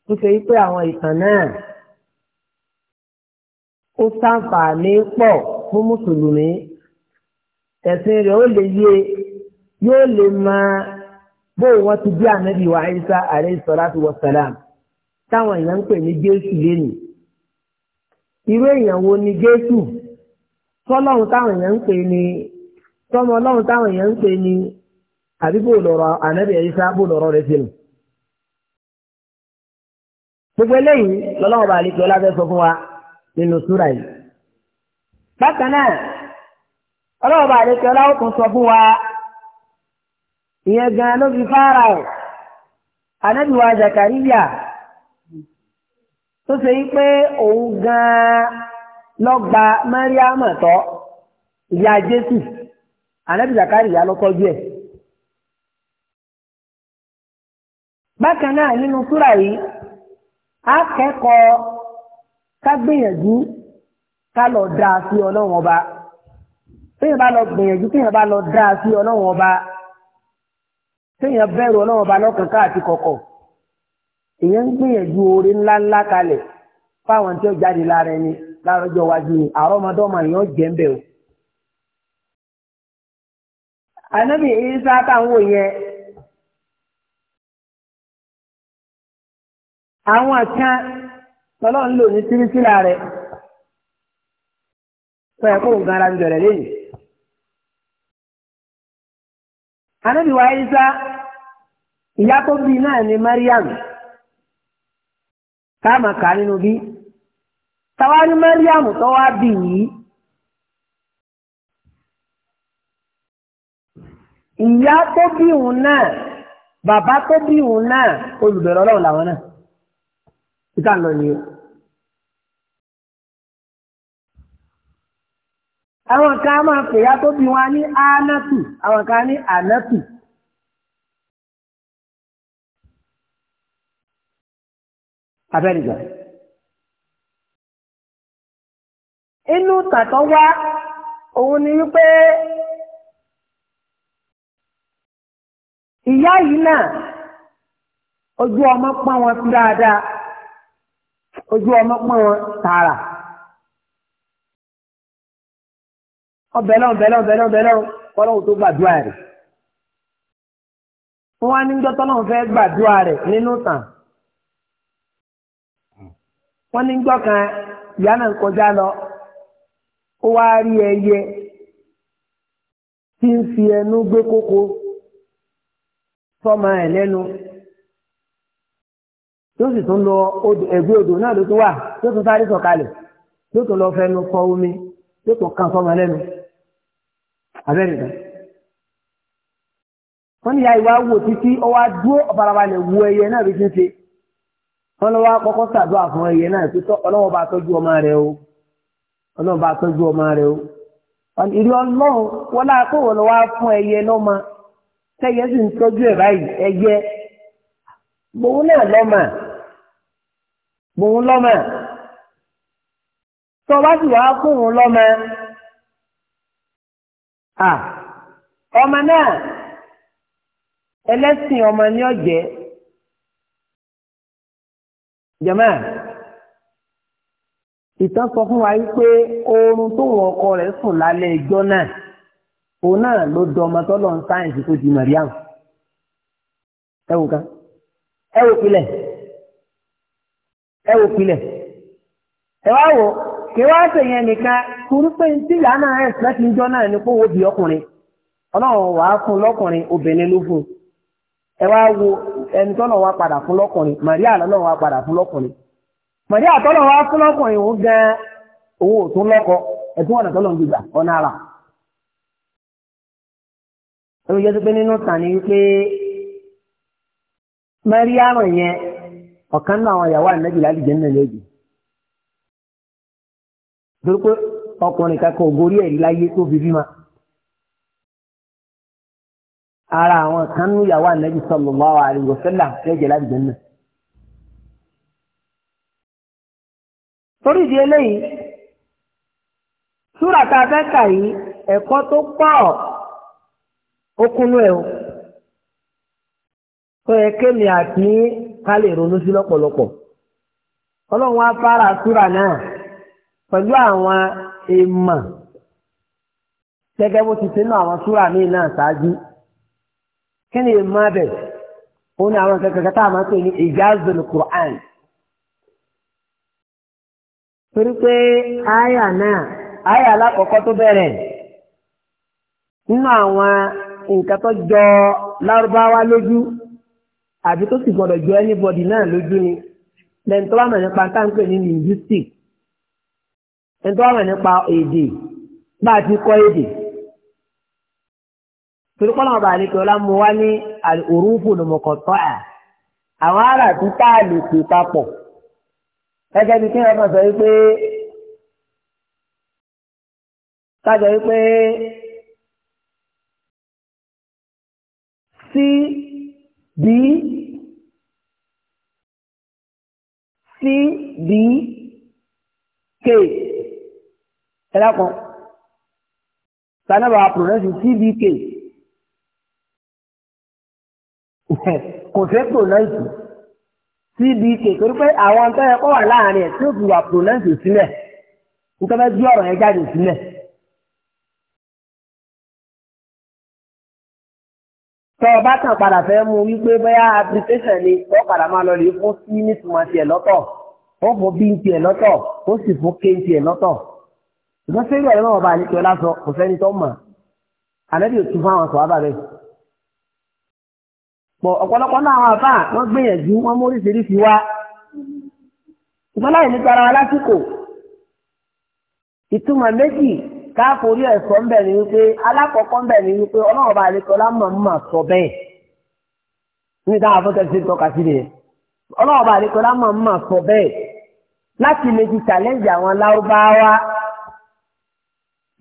tó ṣe wípé àwọn ìtàn náà ó ṣàǹfààní pọ̀ fún mùsùlùmí ẹ̀sìn rẹ̀ ó lè yé yóò lè máa bó wọn ti bí ànábì wa Isa alayhi salam táwọn èèyàn ń pè ní Jésù irú èèyàn wo ni Jésù tọ́lọ́run táwọn èèyàn ń pè ní tọ́mọ ọlọ́run táwọn èèyàn ń pè ní gbogbo eléyìí lọ́lọ́wọ́ bá àlejò ọlá fẹ́ sọ fún wa nínú ọlọ́run bá àlejò ọlọ́run kan sọ fún wa ìyẹn gan ló fi fara ẹ̀ ànábì wa Zakariya tó ṣe yí pé òun gan lọ́gba ìyá Jésù Zakariya ló ẹ̀. bákan náà téèyàn bá lọ gbìyànjú téèyàn bá lọ dáa sí ọlọ́run ọba téèyàn bẹ̀rù ọlọ́run ọba lọ́kàn káàtì kọ̀kọ̀ èèyàn ń gbìyànjú oore ńláńlá kalẹ̀ fáwọn tí ó jáde lára ẹni lárọ́jọ́ ànábì táwọn yẹn àwọn kan tọ́lọ́ ń lò ní sírísílà fún ara ń bẹ̀rẹ̀ anábì wa Ìsá ìyá tó bí náà ni Mariam táàmà kà nínú bí táwa ní Mariam tó wá bí yìí ìyá tó bí òun náà bàbá tó bí òun náà olùbẹ̀rẹ̀ ọlọ́run làwọn náà títà lọ nìyẹn. àwọn kan máa ya tó bí wọn ní anátù àwọn kan ní anátù. abẹ́nìgbà inú tàtọ́ wá òun ni wípé ìyá yìí náà ojú ọmọ pọ́n wọn dáadáa ojú ọmọ pọ́n wọn tààrà. ọbẹ̀lọ́ ọbẹ̀lọ́ ọbẹ̀lọ́ ọbẹ̀lọ́ kọ́lọ́hún tó gbàdúrà rẹ̀. wọ́n á ní gbọ́tọ́ náà fẹ́ gbàdúrà rẹ̀ nínú tàn. wọ́n ní gbọ́ ìyá náà kọjá lọ ó wá rí ẹyẹ tí ń fi ẹnu gbé kókó sọ́mọ ẹ̀ lẹ́nu tó sì tún lọ odò náà ló tún omi tó tún kan sọ́mọ abẹ́rẹ́dá wọ́n ní ya ìwà wò títí ọwá dúó ọ̀barabalẹ̀ wo ẹyẹ náà bí ti ń ṣe wọ́n lọ́wọ́ kọ́kọ́ sàdúrà fún ẹyẹ náà pé ọlọ́wọ́ bá tọ́jú ọmọ rẹ o ọlọ́wọ́ bá tọ́jú ọmọ rẹ o ìrí ọlọ́run wọ́n láà kó wọ́n lọ́wọ́ fún ẹyẹ lọ́mọ tẹ́yẹ sì ń tọ́jú ẹ̀ báyìí ẹyẹ gbòun náà lọ́mọ gbòun lọ́mọ tọ́ wá sì wá kóhun lọ́mọ. a ọmọ náà ẹlẹ́sìn ọmọ ní ọ̀jẹ́ jẹ̀mọ́ ìtàn sọ fún wa wípé oorun tó wọ ọkọ rẹ sùn lálẹ́ ẹjọ́ náà òun náà ló dọmọ tọ́lọ̀ ń sáyẹ̀nsì tó di Mariam ẹ wò kan ẹ wò pilẹ̀ ẹ wò ẹ wá wò. kí wá tẹ̀yẹn nìkan torí tí ìyá ẹ̀ sílẹ̀ ń jọ náà ní kó wo ọkùnrin ọlọ́run wà á fún lọ́kùnrin obìnrin ló fún ẹ wá wo ẹni tọ́nà wá padà fún lọ́kùnrin lọ́nà wá padà fún lọ́kùnrin tọ́nà wá fún lọ́kùnrin òun gan owó òtún lọ́kọ ẹ̀tún ọ̀nà tọ́nà gbígbà ọ̀nà àrà. ẹ̀rù pé nínú ní maria yẹn ọ̀kan náà àwọn ìyàwó torí pé ọkùnrin kankan ògorí ẹ̀rí láyé tó fi bímọ. ara àwọn kan ní ìyàwó ànábì sallallahu alaihi wasallam lẹ́jẹ̀ láti jẹ́ náà. torí ìdí eléyìí súrà tá a fẹ́ kà yìí ẹ̀kọ́ tó pọ̀ ó kúnú ẹ̀ o tó yẹ kémi àti ká lè ronú sí lọ́pọ̀lọpọ̀ ọlọ́run á fara súrà náà. pẹ̀lú àwọn èèmọ̀ gẹ́gẹ́ bó ti ṣe nínú àwọn súrà míì náà ṣáájú kí ni èèmọ̀ abẹ ó ní àwọn kankan kátà máa pè ní ìjáàzùn Qur'an torí pé àyà náà àyà alákọ̀ọ́kọ́ tó bẹ̀rẹ̀ nínú àwọn nǹkan tó jọ lárúbáwá lójú àbí tó sì gbọdọ̀ jọ anybody náà lójú ni lẹ́yìn tó bá mọ̀ nípa táǹpẹ̀ ní linguistics ẹni tó wà mọ̀ nípa èdè bá a ti kọ́ èdè torí kọ́nà ọba àlekè ọlá mu wá ní òrùfù lòmọ̀kọ̀tọ́ à àwọn ará tí tá a lè pè papọ̀ gẹ́gẹ́ bí kéèyàn kan sọ wípé kájọ wípé sí bí sí bí kéè ẹ̀dá kan sanaba pronounce tbk kò fẹ́ pronounce tbk torí pé àwọn tó yẹ kó wà láàrin ẹ̀ tí ó fi wà pronounce sílẹ̀ nítorí bá bí ọ̀rọ̀ yẹn jáde sílẹ̀. tọ́ ọ bá kàn padà fẹ́ mú wípé bóyá application ni ó padà máa lọ lè fún sí nítumọ̀ tiẹ̀ lọ́tọ̀ ó fún bí tiẹ̀ lọ́tọ̀ ó sì fún ké tiẹ̀ lọ́tọ̀ ṣùgbọ́n sẹ́yìn ẹ̀rọ ọba àníkẹ́ lásọ kò sẹ́ni tó mọ̀ àlẹ́bí ò tún fún àwọn sọ̀rọ̀ bẹ́ẹ̀. pọ̀ ọ̀pọ̀lọpọ̀ náà àwọn àbá wọ́n gbìyànjú wọ́n mú oríṣiríṣi wá ṣùgbọ́n láì ní tara wa lásìkò ìtumọ̀ méjì káàkórí ẹ̀sọ́ ń bẹ̀ ni wípé alákọ̀ọ́kọ́ ń bẹ̀ ni wípé ọlọ́run ọba àlekọ́ lámọ̀ ń mà sọ bẹ́ẹ̀ ní táwọn afọ́tẹ́ ti tọ́ka sí rẹ̀ ọlọ́run ọba àlekọ́ sọ bẹ́ẹ̀ láti lè ti challenge àwọn lárúbáwá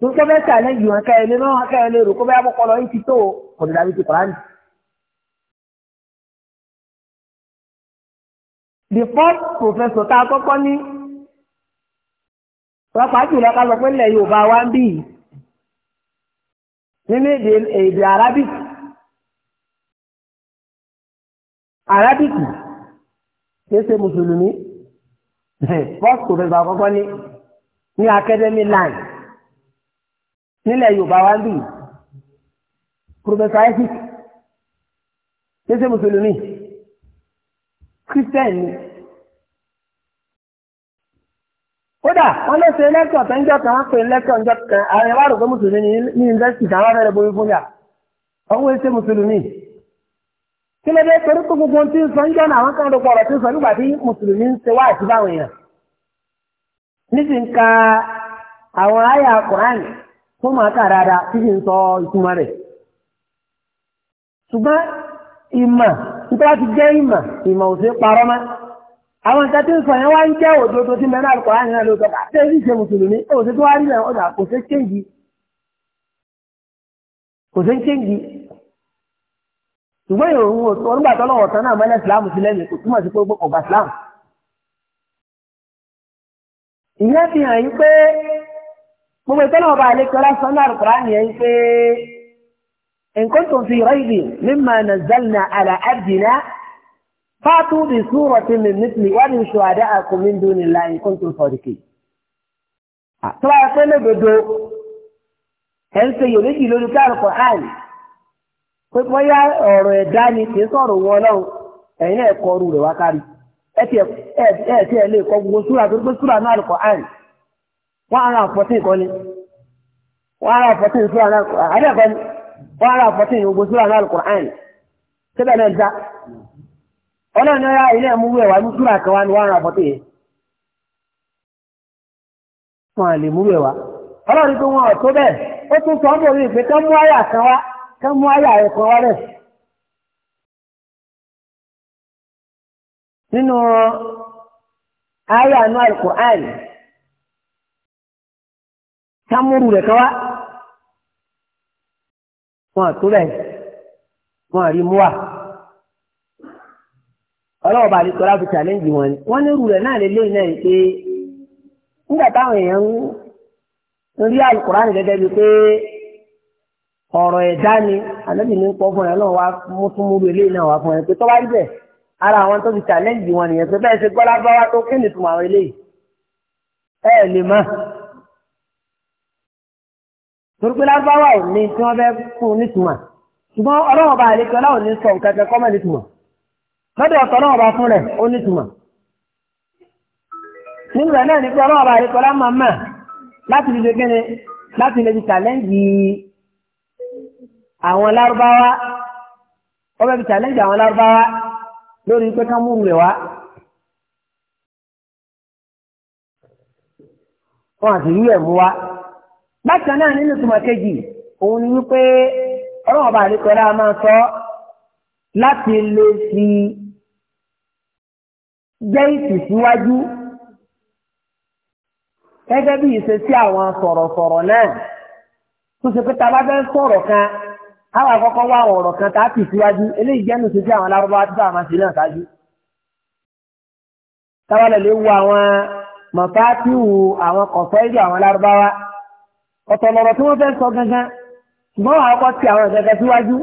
tó bẹ́ẹ̀ tàlẹ́ yìí wọn káyọ̀ lé náà wọn káyọ̀ rò kó bẹ́ẹ̀ abọ́kọ́ lọ yìí ti tó kọ̀dọ̀ dàbí ti kọ̀ránì. the first professor tá a kọ́kọ́ ní pàápàá jùlọ ká lọ pé ilẹ̀ Yorùbá wa ń bì nínú èdè Arabic Arabic kìí ṣe mùsùlùmí first professor àkọ́kọ́ ní ní academy line nílẹ̀ Yorùbá wa ń bì Professor Isaac ṣẹṣẹ mùsùlùmí Christian ni kódà wọn lè ṣe lẹ́kọ̀ọ́ tó ń jọ kan wọn pè lẹ́kọ̀ọ́ ń jọ kan ààrẹ wa rò pé mùsùlùmí ní yunifásitì tí àwọn fẹ́rẹ̀ borí fún yà ọ̀hún ṣe mùsùlùmí kí ló dé torí pé gbogbo tí ń sọ ń jọ́nà àwọn kan ló pọ̀ ọ̀rọ̀ tí ń sọ nígbà tí mùsùlùmí ń ṣe wá àti báwọn èèyàn nísìnyí ka àwọn àyà Kùránì kó máa kà dáadáa tí kì ń sọ ìtumọ̀ rẹ̀ ṣùgbọ́n ìmọ̀ nítorí ti jẹ́ ìmọ̀ ìmọ̀ ò sí parọ́ mọ́ àwọn nǹkan tí ń sọ yẹn wá ń jẹ́ òdodo tí mẹ́rin àlùkò láàrin náà lóòótọ́ àti èyí ṣe mùsùlùmí ó sì tó wá rí náà ọjà kò sí kéǹgì kò sí kéǹgì ṣùgbọ́n ìròyìn onígbà tó lọ́wọ́ tán náà mọ́lẹ̀ ìsìláàmù sí lẹ́yìn kò túmọ̀ sí pé gbogbo ìtọ́nà ọba àlejò lásán náà rẹ̀ kúránì yẹn pé in kuntum fi raybin mimma nazzalna ala abdina fatu bi suratin min mithli wadu shuhada'akum min dunillahi in kuntum sadiqin. àtúrà pé lẹ́gbẹ̀dọ̀ ẹ̀ ń ṣe yòlẹ́jì lórí káàrọ̀ kọ̀ọ̀án pé bóyá ọ̀rọ̀ ẹ̀dá ni kì í sọ̀rọ̀ wọn lọ́wọ́ ẹ̀yin náà kọ́ ọrù one hundred and fourteen kọ́ni one hundred fourteen sura náà àdé kọ́ni one hundred fourteen gbogbo sura náà alukur'an sẹ́bẹ̀ náà dá ọlọ́run náà ilé ẹ̀mú wẹ̀ wá ní sura kan wá ní one hundred fourteen yẹn mú wá ọlọ́run tó bẹ́ẹ̀ ó tún sọ ọ́n mú àyà kan wá mú àyà rẹ̀ kan wá rẹ̀. nínú chamuru rẹ̀ kan wá wọn àtó rẹ̀ wọn àrí wa challenge wọn ni wọ́n ní rú rẹ̀ náà lélẹ́yìn náà pé nígbà táwọn èèyàn ń rí àlùkùránì gẹ́gẹ́ bíi pé ọ̀rọ̀ ẹ̀dá ni ànábì ní pọ̀ fún ẹ náà wá mú eléyìí náà wá fún ẹ pé rí ara àwọn tó fi challenge wọn nìyẹn pé bẹ́ẹ̀ ṣe gbọ́lá bá wá tó kí ni tùmọ̀ àwọn eléyìí ẹ lè má torípé lágbáwá ò ní tí wọ́n fẹ́ fún nítumọ̀ ṣùgbọ́n ọlọ́wọ́ bá àlejò ọlọ́wọ́ ní sọ nǹkan kan kọ́mọ̀ nítumọ̀ lọ́dọ̀ ọ̀tọ̀ ọlọ́wọ́ bá fún rẹ̀ ó nítumọ̀ nínú rẹ̀ náà ni pé ọlọ́wọ́ bá àlejò ọlá máa mà láti lè ṣe kíni láti lè fi ṣàlẹ́ǹjì àwọn lárúbáwá ó fẹ́ fi ṣàlẹ́ǹjì àwọn lárúbáwá lórí pé ká mú rẹ̀ wá. wọn àti rí ẹ̀ mú wá bákan náà nínú ìtumọ̀ kejì òun ni wípé ọlọ́run ọba àdékọ́lá máa sọ láti lè fi jẹ́ ìtìsíwájú gẹ́gẹ́ bí ìṣesí àwọn sọ̀rọ̀sọ̀rọ̀ náà tó ṣe pé tábà fẹ́ sọ̀rọ̀ kan àwọn àkọ́kọ́ wá àwọn ọ̀rọ̀ kan tá a tì síwájú eléyìí jẹ́ nùsí sí àwọn alárúbáwá tí táwọn máa ṣe náà ṣáájú. tábà lè lè wo àwọn mọ̀fáàtìwù àwọn kọ̀fẹ́ ìdí àwọn alárúbáwá ọ̀tọ̀ lọ̀rọ̀ tí wọ́n fẹ́ sọ gangan ṣùgbọ́n wàá kọ́ ti àwọn ìgbẹ́gẹ́ síwájú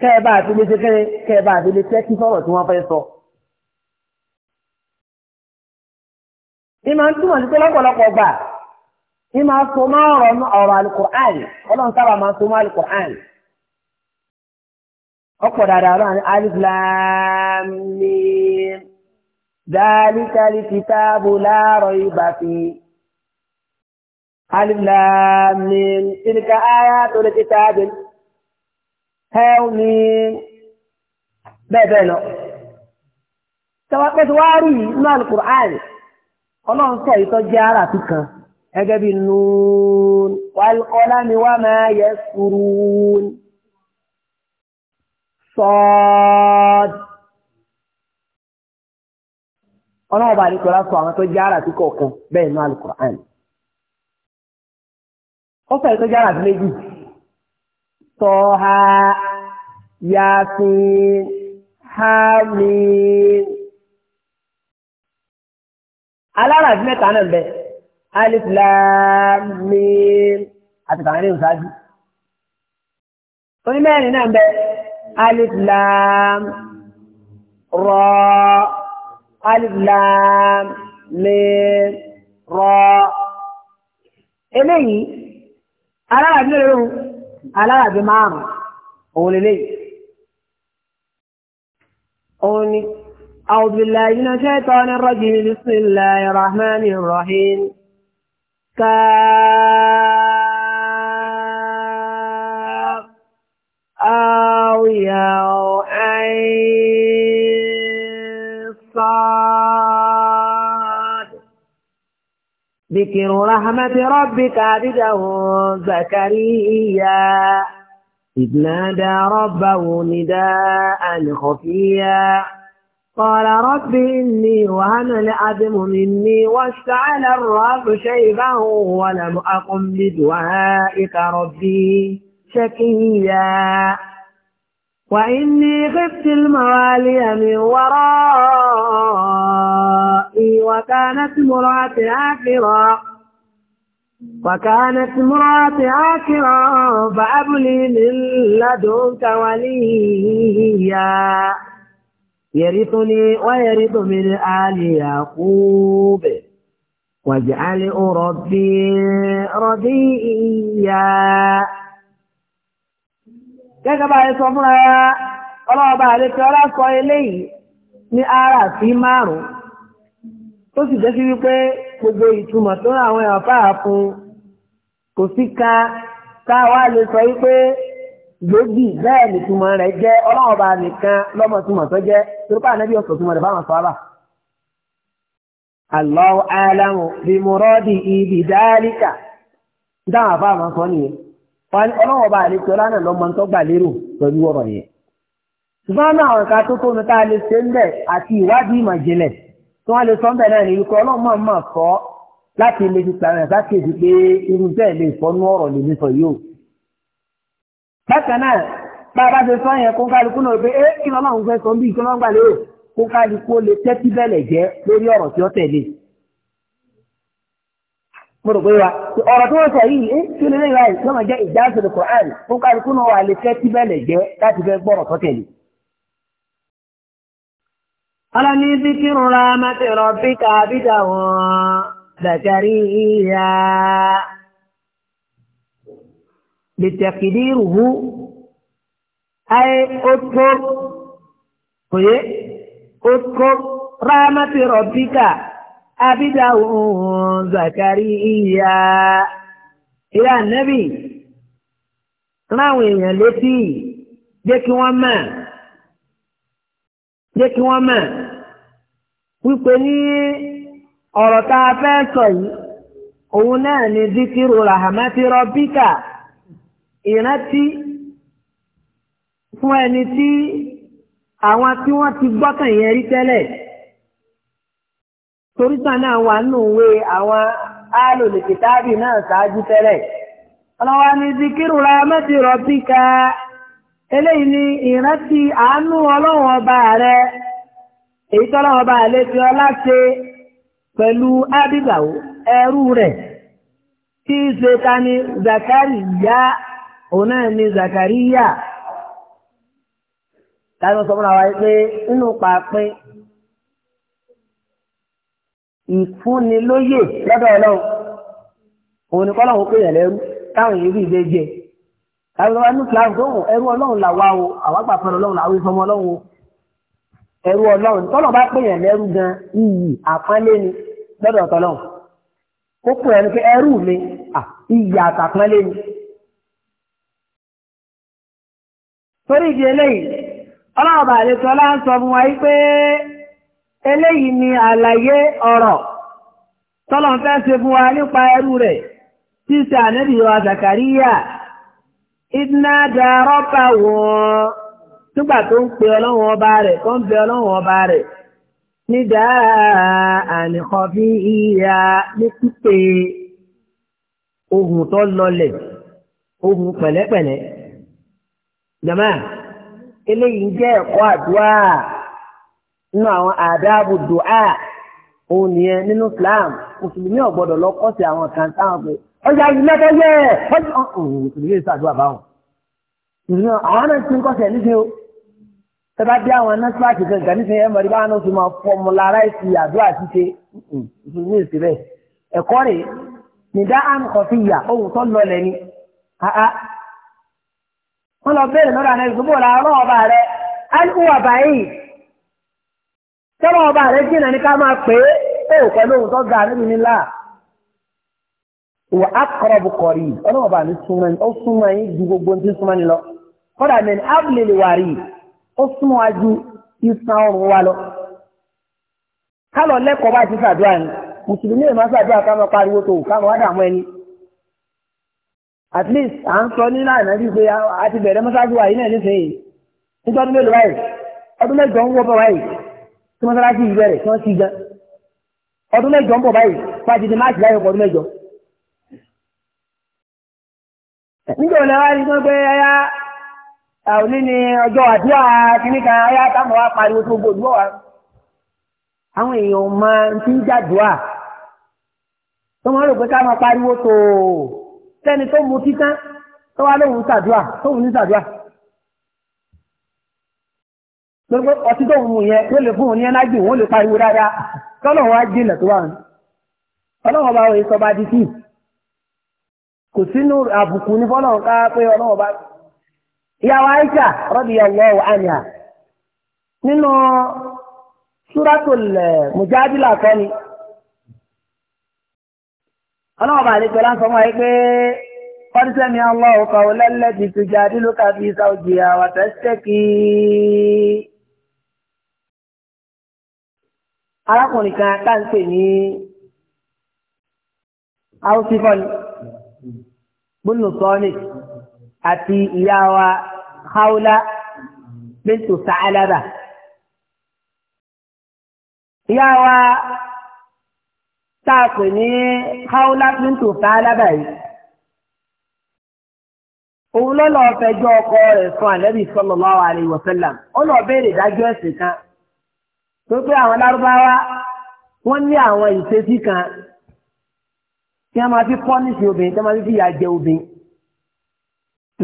kẹ́ẹ̀bá àti ilé ṣe kẹ́rẹ́ kẹ́ẹ̀bá àti ilé tẹ́tí sọ̀rọ̀ tí wọ́n fẹ́ sọ. ìmọ̀ ń túmọ̀ sí pé lọ́pọ̀lọpọ̀ gbà ìmọ̀ so mọ́ ọ̀rọ̀ ọ̀rọ̀ alukur'an ọlọ́run sábà máa so mọ́ alukur'an ọ̀pọ̀ dáadáa ألف لام ميم تلك آيات الكتاب هاومين bẹ́ẹ̀ inú Al-Qur'an, ọlọ́run sọ ìtọ́ ara fi kan, ẹgẹ́ bí nùún, wàlùkọ́lá ni wá máa yẹ sùúrùún. Sọ́ọ̀d. Ọlọ́run bá ní kọ́lá sọ àwọn tó jẹ́ ara fi Al-Qur'an. ó fẹ́ tó jára méjì tọ́ ha ya fi ha mi. alára àti mẹ́ta náà bẹ alif lam mim àti kàwọn ẹni ìsáájú onímẹ́rin náà bẹ alif lam ra alif lam eléyìí. aláàbí lórí aláàbí márùn òun لي قولي أعوذ بالله من الشيطان الرجيم بسم الله الرحمن الرحيم كاف أو ذكر رحمة ربك عبده زكريا إذ نادى ربه نداء خفيا قال رب إني وهن العظم مني واشتعل الرب شيبا ولم أقم بدعائك ربي شكيا وإني خفت الموالي من ورائي وكانت مراتي آخرا وكانت مراتي آخرا فأبلي من لدنك وليا يرثني ويرث من آل يعقوب واجعل ربي رضيا gẹ́gẹ́ bá a sọ fúnra ọlọ́ọ̀bá eléyìí ní ara sí márùn tó sì jẹ́ sí wípé gbogbo ìtumọ̀ tó ń àwọn èèyàn fáà fún kò sí ka tá wá lè sọ wípé gbòógì bẹ́ẹ̀ nìtumọ̀ rẹ̀ jẹ́ ọlọ́ọ̀bá nìkan tó jẹ́ ọ̀sọ̀ rẹ̀ báwọn dáhùn sọ ọlọ́wọ́ bá àlejò lánàá lọ́mọ tó gbà lérò pẹ̀lú ọ̀rọ̀ yẹn. ṣùgbọ́n náà àwọn nǹkan tó tóbi tá a lè ṣe ń bẹ̀ àti ìwádìí ìmọ̀ ìjìnlẹ̀ tí wọ́n lè sọ ń bẹ̀ náà nìyí kọ́ ọlọ́mọ mọ̀ fọ́ láti lè fi pàrọ̀ ẹ̀ sákèjì pé irú bẹ́ẹ̀ lè fọ́nú ọ̀rọ̀ lè sọ yóò. bákan náà bá a bá ṣe sọ yẹn kún kálukú náà pé ẹ́ kí lọ́lọ́run fẹ́ sọ bí ìkọ́lọ́gbà lérò kún kálukú ó lè tẹ́tí bẹ́ẹ̀ lẹ̀ jẹ́ lórí ọ̀rọ̀ tí ó tẹ̀lé mo rò pé wa ọ̀rọ̀ tó ń sọ yìí ẹ eh, kí ló lè ra yìí lọ́mọ jẹ́ ìjáàsọ̀rọ̀ fún kálukú wà lè fẹ́ tí bẹ́ẹ̀ jẹ́ láti fẹ́ gbọ́rọ̀ tọ́tẹ̀lé. ọlọ́ni zikiru rahmati rabbika bídà wọn Zakariya lìtẹ̀kìdìrùhù ayé ó kòyé ó tó rahmati rabbika abidahun zakariya ìyá Nabi. ráwọn èèyàn létí jẹ́ kí wọ́n mọ̀ jẹ́ kí wọ́n mọ̀ wípé ní ọ̀rọ̀ tá a fẹ́ sọ yìí òun náà ni díkìrù rahamati rọ́bíkà ìrántí fún ẹni tí àwọn tí wọ́n ti gbọ́kàn yẹn rí tẹ́lẹ̀. torí gbà náà wà nínú ìwé àwọn alòlùkìtàbì náà sáájú tẹ́lẹ̀ ọlọ́wà ní zikiru rahmati rabbika eléyìí ni ìrántí àánú ọlọ́run ọba rẹ èyí ọba rẹ fi ọlá ṣe pẹ̀lú ábíbàwò ẹrú rẹ̀ tí í ṣe ta ni ya òun náà ni zakariya ya sọ wa pé nínú pàápín ìfúnnilóyè lọ́dọ̀ ọlọ́run òun ni kọ́lọ́run pè yàn lẹ́rú táwọn èèyàn bí ìgbé jẹ àwọn ọmọ nùkìlá ọ̀hún ẹrú ọlọ́run làwa o àwọn àgbà fún ọlọ́run làwọn ìfọmọ ọlọ́run o ẹrú ọlọ́run tọ́lọ̀ bá pè yàn lẹ́rú gan iyì àpọ́nlé ni lọ́dọ̀ ọ̀tọ̀lọ́run ó pè yàn ní pé ẹrú mi iyì àtàpọ́nlé ni. torí ìdí eléyìí ọlọ́run bàálẹ̀ tọ́lá ń sọ fún wa yìí pé eléyìí ni àlàyé ọ̀rọ̀ tọ́lọ̀ ń fẹ́ ṣe fún wa nípa ẹrú rẹ̀ títà níbi wa Zakariya idna dàrọ́pà wọ́n nígbà tó ń pe ọlọ́wọ́n ọba rẹ̀ tó ń bẹ ọlọ́wọ́n ọba rẹ̀ ní pípe ohun nínú àwọn àdáàbò dùá òun nìyẹn nínú Islam mùsùlùmí ọ̀gbọ́dọ̀ lọ kọ́ sí àwọn kan táwọn pé ọjà ìlẹ́tọ̀ yẹ ọjà mùsùlùmí yìí ṣàdúrà báwọn. mùsùlùmí àwọn náà ti ń kọ́ sẹ̀ níṣẹ́ o tẹ́lá bí àwọn nọ́ọ̀sì kankan níṣẹ́ ẹ̀ mọ̀rí báwọn náà ti máa fọmùlára ìsì àdúrà ṣíṣe mùsùlùmí ìsì bẹ́ẹ̀ ẹ̀kọ́ rèé nìdá àǹkọ̀fìyà ohun tó lọlẹ̀ ni wọ́n lọ bẹ́ẹ̀ lọ́dọ̀ àná ìgbóbò rẹ̀ tọ́wọ́ ọba rẹ̀ jìnnà ní ká máa pè é ó pẹ̀lú ohun tó ga níbi nílá wà á kọ̀rọ̀ bù kọ̀rì ọlọ́wọ́ ọba ní súnmọ́ ó súnmọ́ yín ju gbogbo ní súnmọ́ ni lọ kọ́dà mẹ́ni ábùlélè wà rí ó súnmọ́ wa ju ìsan ọrùn wa lọ. kálọ̀ lẹ́kọ̀ọ́ bá ti ṣàdúrà ni mùsùlùmí lè máa ṣàdúrà ká máa pariwo tó ká máa wá dààmú ẹni. at least à ń sọ nílá ìnájú náà nísìnyí nítorí mélòó báyìí ọdún tí wọ́n sára sí ìbẹ̀rẹ̀ tí wọ́n ti gan ọdún mẹ́jọ ń bọ̀ báyìí pàdé ní máàkì láyọ̀ ọdún mẹ́jọ. nígbà wọn lẹ́wọ́ ni wọ́n gbé ẹyá òní ni ọjọ́ àdúrà kìnnìkà ẹyá táwọn wá pariwo tó gbòdúwọ̀ wá. àwọn èèyàn máa ń ti ń jàdúrà tó máa ń rò pé ká máa pariwo tó sẹ́ni tó mutí tán tó wá lóhùn ṣàdúrà tóhùn ní ṣàdúrà. gbogbo ọtí tó ń lè fún òun ní ẹnájì lè pariwo dáadáa tọ́lọ́run wá tó wà ní. ọlọ́run ọba di tí kò sínú àbùkù ní fọ́lọ́run ká pé ọlọ́run ọba. ìyàwó Aisha radiyallahu anha nínú suratul eh, mujadila kọ́ ni. pé arákùnrin kan tá à ń pè ní hausifon bunusonic àti ìyá wa haula bintu sa'alaba ìyá wa tá a pè ní haula bintu sa'alaba yìí òun ló lọ fẹjọ́ ọkọ rẹ̀ fún Ànábì sallallahu alaihi wasallam ó lọ béèrè dájọ́ ẹ̀sìn kan tó pé àwọn lárúbáwá wọ́n ní àwọn ìṣesí kan tí wọ́n máa fi pọ́nìṣì obìnrin tí wọ́n máa fi fìyà jẹ obìnrin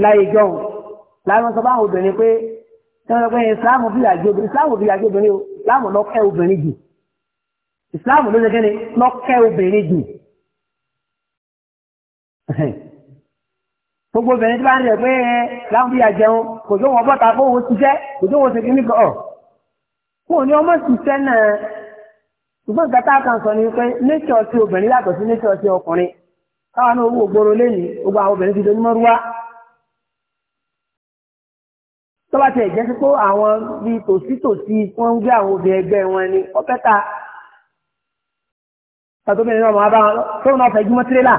láyé jọ̀hún láwọn sọ báwọn obìnrin pé tí wọ́n sọ pé ìsìláàmù fìyà jẹ obìnrin ìsìláàmù fìyà jẹ obìnrin o ìsìláàmù lọ́kẹ́ obìnrin jù ìsìláàmù ló ṣe kí ni lọ́kẹ́ obìnrin jù gbogbo obìnrin tí wọ́n á rẹ̀ pé ìsìláàmù fìyà jẹun kò tó wọn bọ́ta kó wọn ṣiṣẹ́ kò tó wọn ṣe kí ní kọ́ ọ̀ wọn ò ní ọmọ ṣiṣẹ́ náà ṣùgbọ́n nǹkan tá a kàn sọ ni pé nature ti obìnrin yàtọ̀ sí nature ti ọkùnrin káwọn náà owó gbòòrò lẹ́yìn gbogbo àwọn obìnrin ti donú mọ́rúwá. tó bá tiẹ̀ jẹ́ sí pé àwọn bíi tòsítòsí wọ́n ń gbé àwọn obìnrin ẹgbẹ́ wọn ni ọ̀pẹ́ta tàbíbìnrin náà máa bá wọn tó náà fẹ́ jùmọ̀ tirẹ́là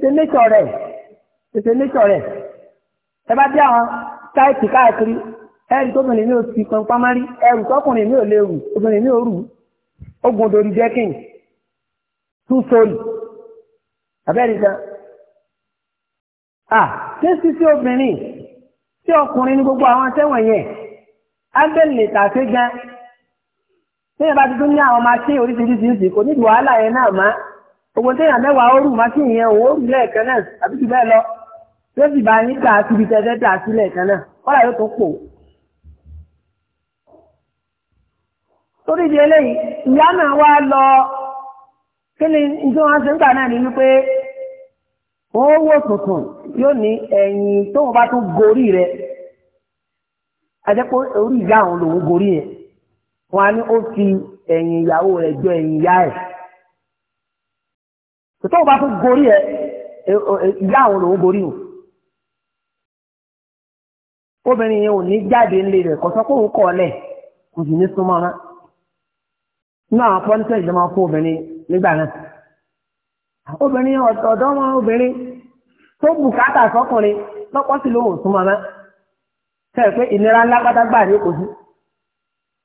ṣe nature rẹ̀ ṣe nature rẹ̀ ẹ bá dé àwọn táìpì káàkiri ẹrù tóbìnrin mi ò ti pọnpámárì ẹrù tọkùnrin mi ò lè rù obìnrin mi ò rù ogun dorí jẹ́kìn two story abẹ́rẹ́ gan. à ṣé sísí obìnrin tí ọkùnrin ní gbogbo àwọn atẹ́wọ̀n yẹn abẹ́rẹ́ lè tàṣe gan. téèyàn bá ti tún ní àwọn machine oríṣiríṣi kò nídìí wàhálà yẹn náà má ogun téèyàn mẹ́wàá ó rù machine yẹn òun ó rù lẹ́ẹ̀kan náà àbí jù bẹ́ẹ̀ lọ yóò sì bá yín dà síbi tẹ́tẹ́ dà sí lẹ́ẹ̀kan náà kọ́lá yóò tún pò ó. torí eleyi eléyìí ìyá náà wá lọ kí ni tí wọ́n ṣe ń gbà náà ni wípé wọ́n tuntun yóò ní ẹ̀yìn tóun bá tún gorí rẹ̀ àjẹpọ̀ orí ìyá àwọn lòun gorí yẹn á ní ó fi ẹ̀yìn ìyàwó rẹ̀ jọ ẹ̀yìn ìyá ẹ̀ tóun bá tún gorí ìyá àwọn o obìnrin yẹn ò ní jáde náà pọ́lítẹ́ ìjọba kó obìnrin nígbà náà obìnrin ọ̀dọ́ wọn obìnrin tó bùkátà sọkùnrin lọ́pọ̀ sí lóhùn súnmọ́ náà sẹ́yìn pé ìnira ńlá pátágbà ní kò sí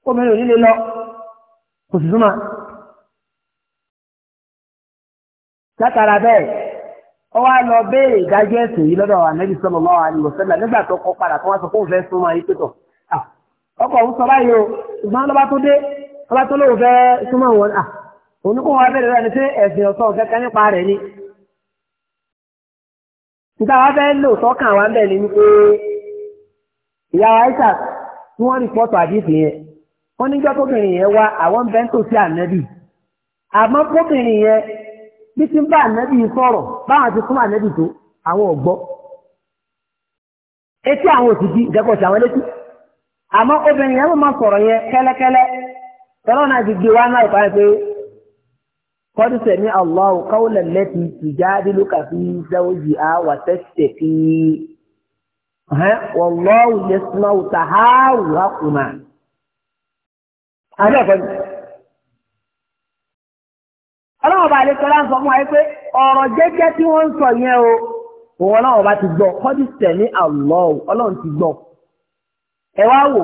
obìnrin ò nílé lọ kò sì súnmọ́. látara bẹ́ẹ̀ ó wá lọ béèrè ìdájọ́ ẹ̀sìn yìí lọ́dọ̀ ànábì sallallahu alaihi wasallam nígbà tó kọ́ padà tó wá sọ fóun fẹ́ súnmọ́ ayé pẹ̀tọ̀ ọkọ̀ òun sọ báyìí o ìgbọ́n lọ́ba tó dé ọba tó lóun fẹ́ súnmọ́ wọn à òun kò wá bẹ̀rẹ̀ lọ́ni ẹ̀sìn ọ̀sán ọ̀fẹ́ kan ni. wá fẹ́ wá bẹ̀ ni wa Aisha tí wọ́n rìpọ́tù àdìsí yẹn wọ́n níjọ́ tóbìnrin yẹn wá àwọn ń tòsí ànábì àmọ́ tóbìnrin yẹn bí ti ń bá sọ̀rọ̀ báwọn ti fún tó àwọn etí àwọn òsì tọ́lọ́ náà ti gbé wá náà fáyé pé kọ́dù sẹ̀mí Allahu qawlan lati tujadiluka fi zawjiha wa tastaqi wallahu yasma'u tahawurakuma. Adé ẹ̀kọ́ ni. Ọlọ́run bá àlekọ́ láń sọ fún wa pé ọ̀rọ̀ jẹ́jẹ́ tí wọ́n ń sọ yẹn o, òun bá ti gbọ́, kọ́dù sẹ̀mí Allahu ọlọ́run ti gbọ́. Ẹ wá wò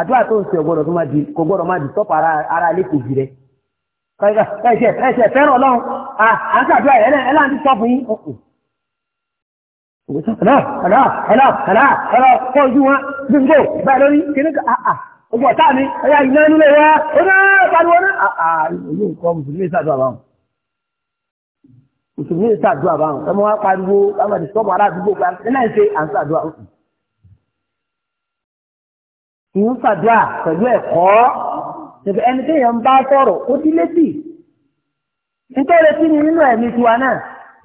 àdúrà tó ń sè ọgbọ́dọ̀ tó máa di kò gbọ́dọ̀ máa di tọ́pọ̀ ara ara ilé kò jìrẹ́ ẹsẹ̀ ẹsẹ̀ fẹ́ràn ọlọ́run àti àdúrà ẹ̀ ẹ̀ láǹdí tọ́pù yín ọkùn. Ẹ̀lá ẹ̀lá ẹ̀lá ẹ̀lá ẹ̀lá kọ́ ojú wọn gbígbó báyìí lórí kìíní ká àà ogun ọ̀tá mi ẹ̀yà ìná nílé wa ó náà pariwo náà àà yóò kọ́ mùsùlùmí ṣàdúrà báwọn mùsùlùmí ṣàdúrà báwọn ẹ mọ́ wá pariwo káwọn ti sọ́mọ́ aládùúgbò pa ẹ̀ náà ń ṣe à ń ṣàdúrà òkùn ìwọ́n fàdúrà pẹ̀lú ẹ̀kọ́ ṣẹ̀fẹ̀ ẹni tí èèyàn bá sọ̀rọ̀ ó dín létí nítorí tí ni nínú ẹ̀mí tiwa náà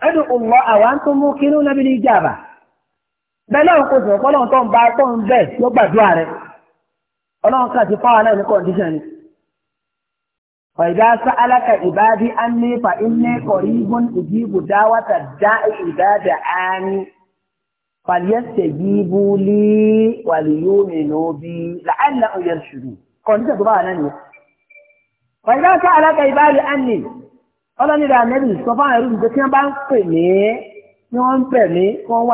ẹ̀dùn ọ̀wọ́ àwọn tó mú kínú lẹ́bi ní ìjàmbá bẹ́ẹ̀ náà kò sọ̀rọ̀ pọ́ tó ń bá tó ń bẹ̀ ló gbàdúrà rẹ̀ ọlọ́run kà sí fáwọn náà ní kọ̀ǹdíṣàn ni. ọ̀ìdá sa'alaka ìbádí á ní fa inú kọ̀rí فليستجيبوا لي وليؤمنوا بي لعلهم يرشدون قلت تبقى أنني فإذا سألك عبادي أني قال لي يا النبي صفا يرد كان بان pè mí ni wọ́n pè mí wọ́n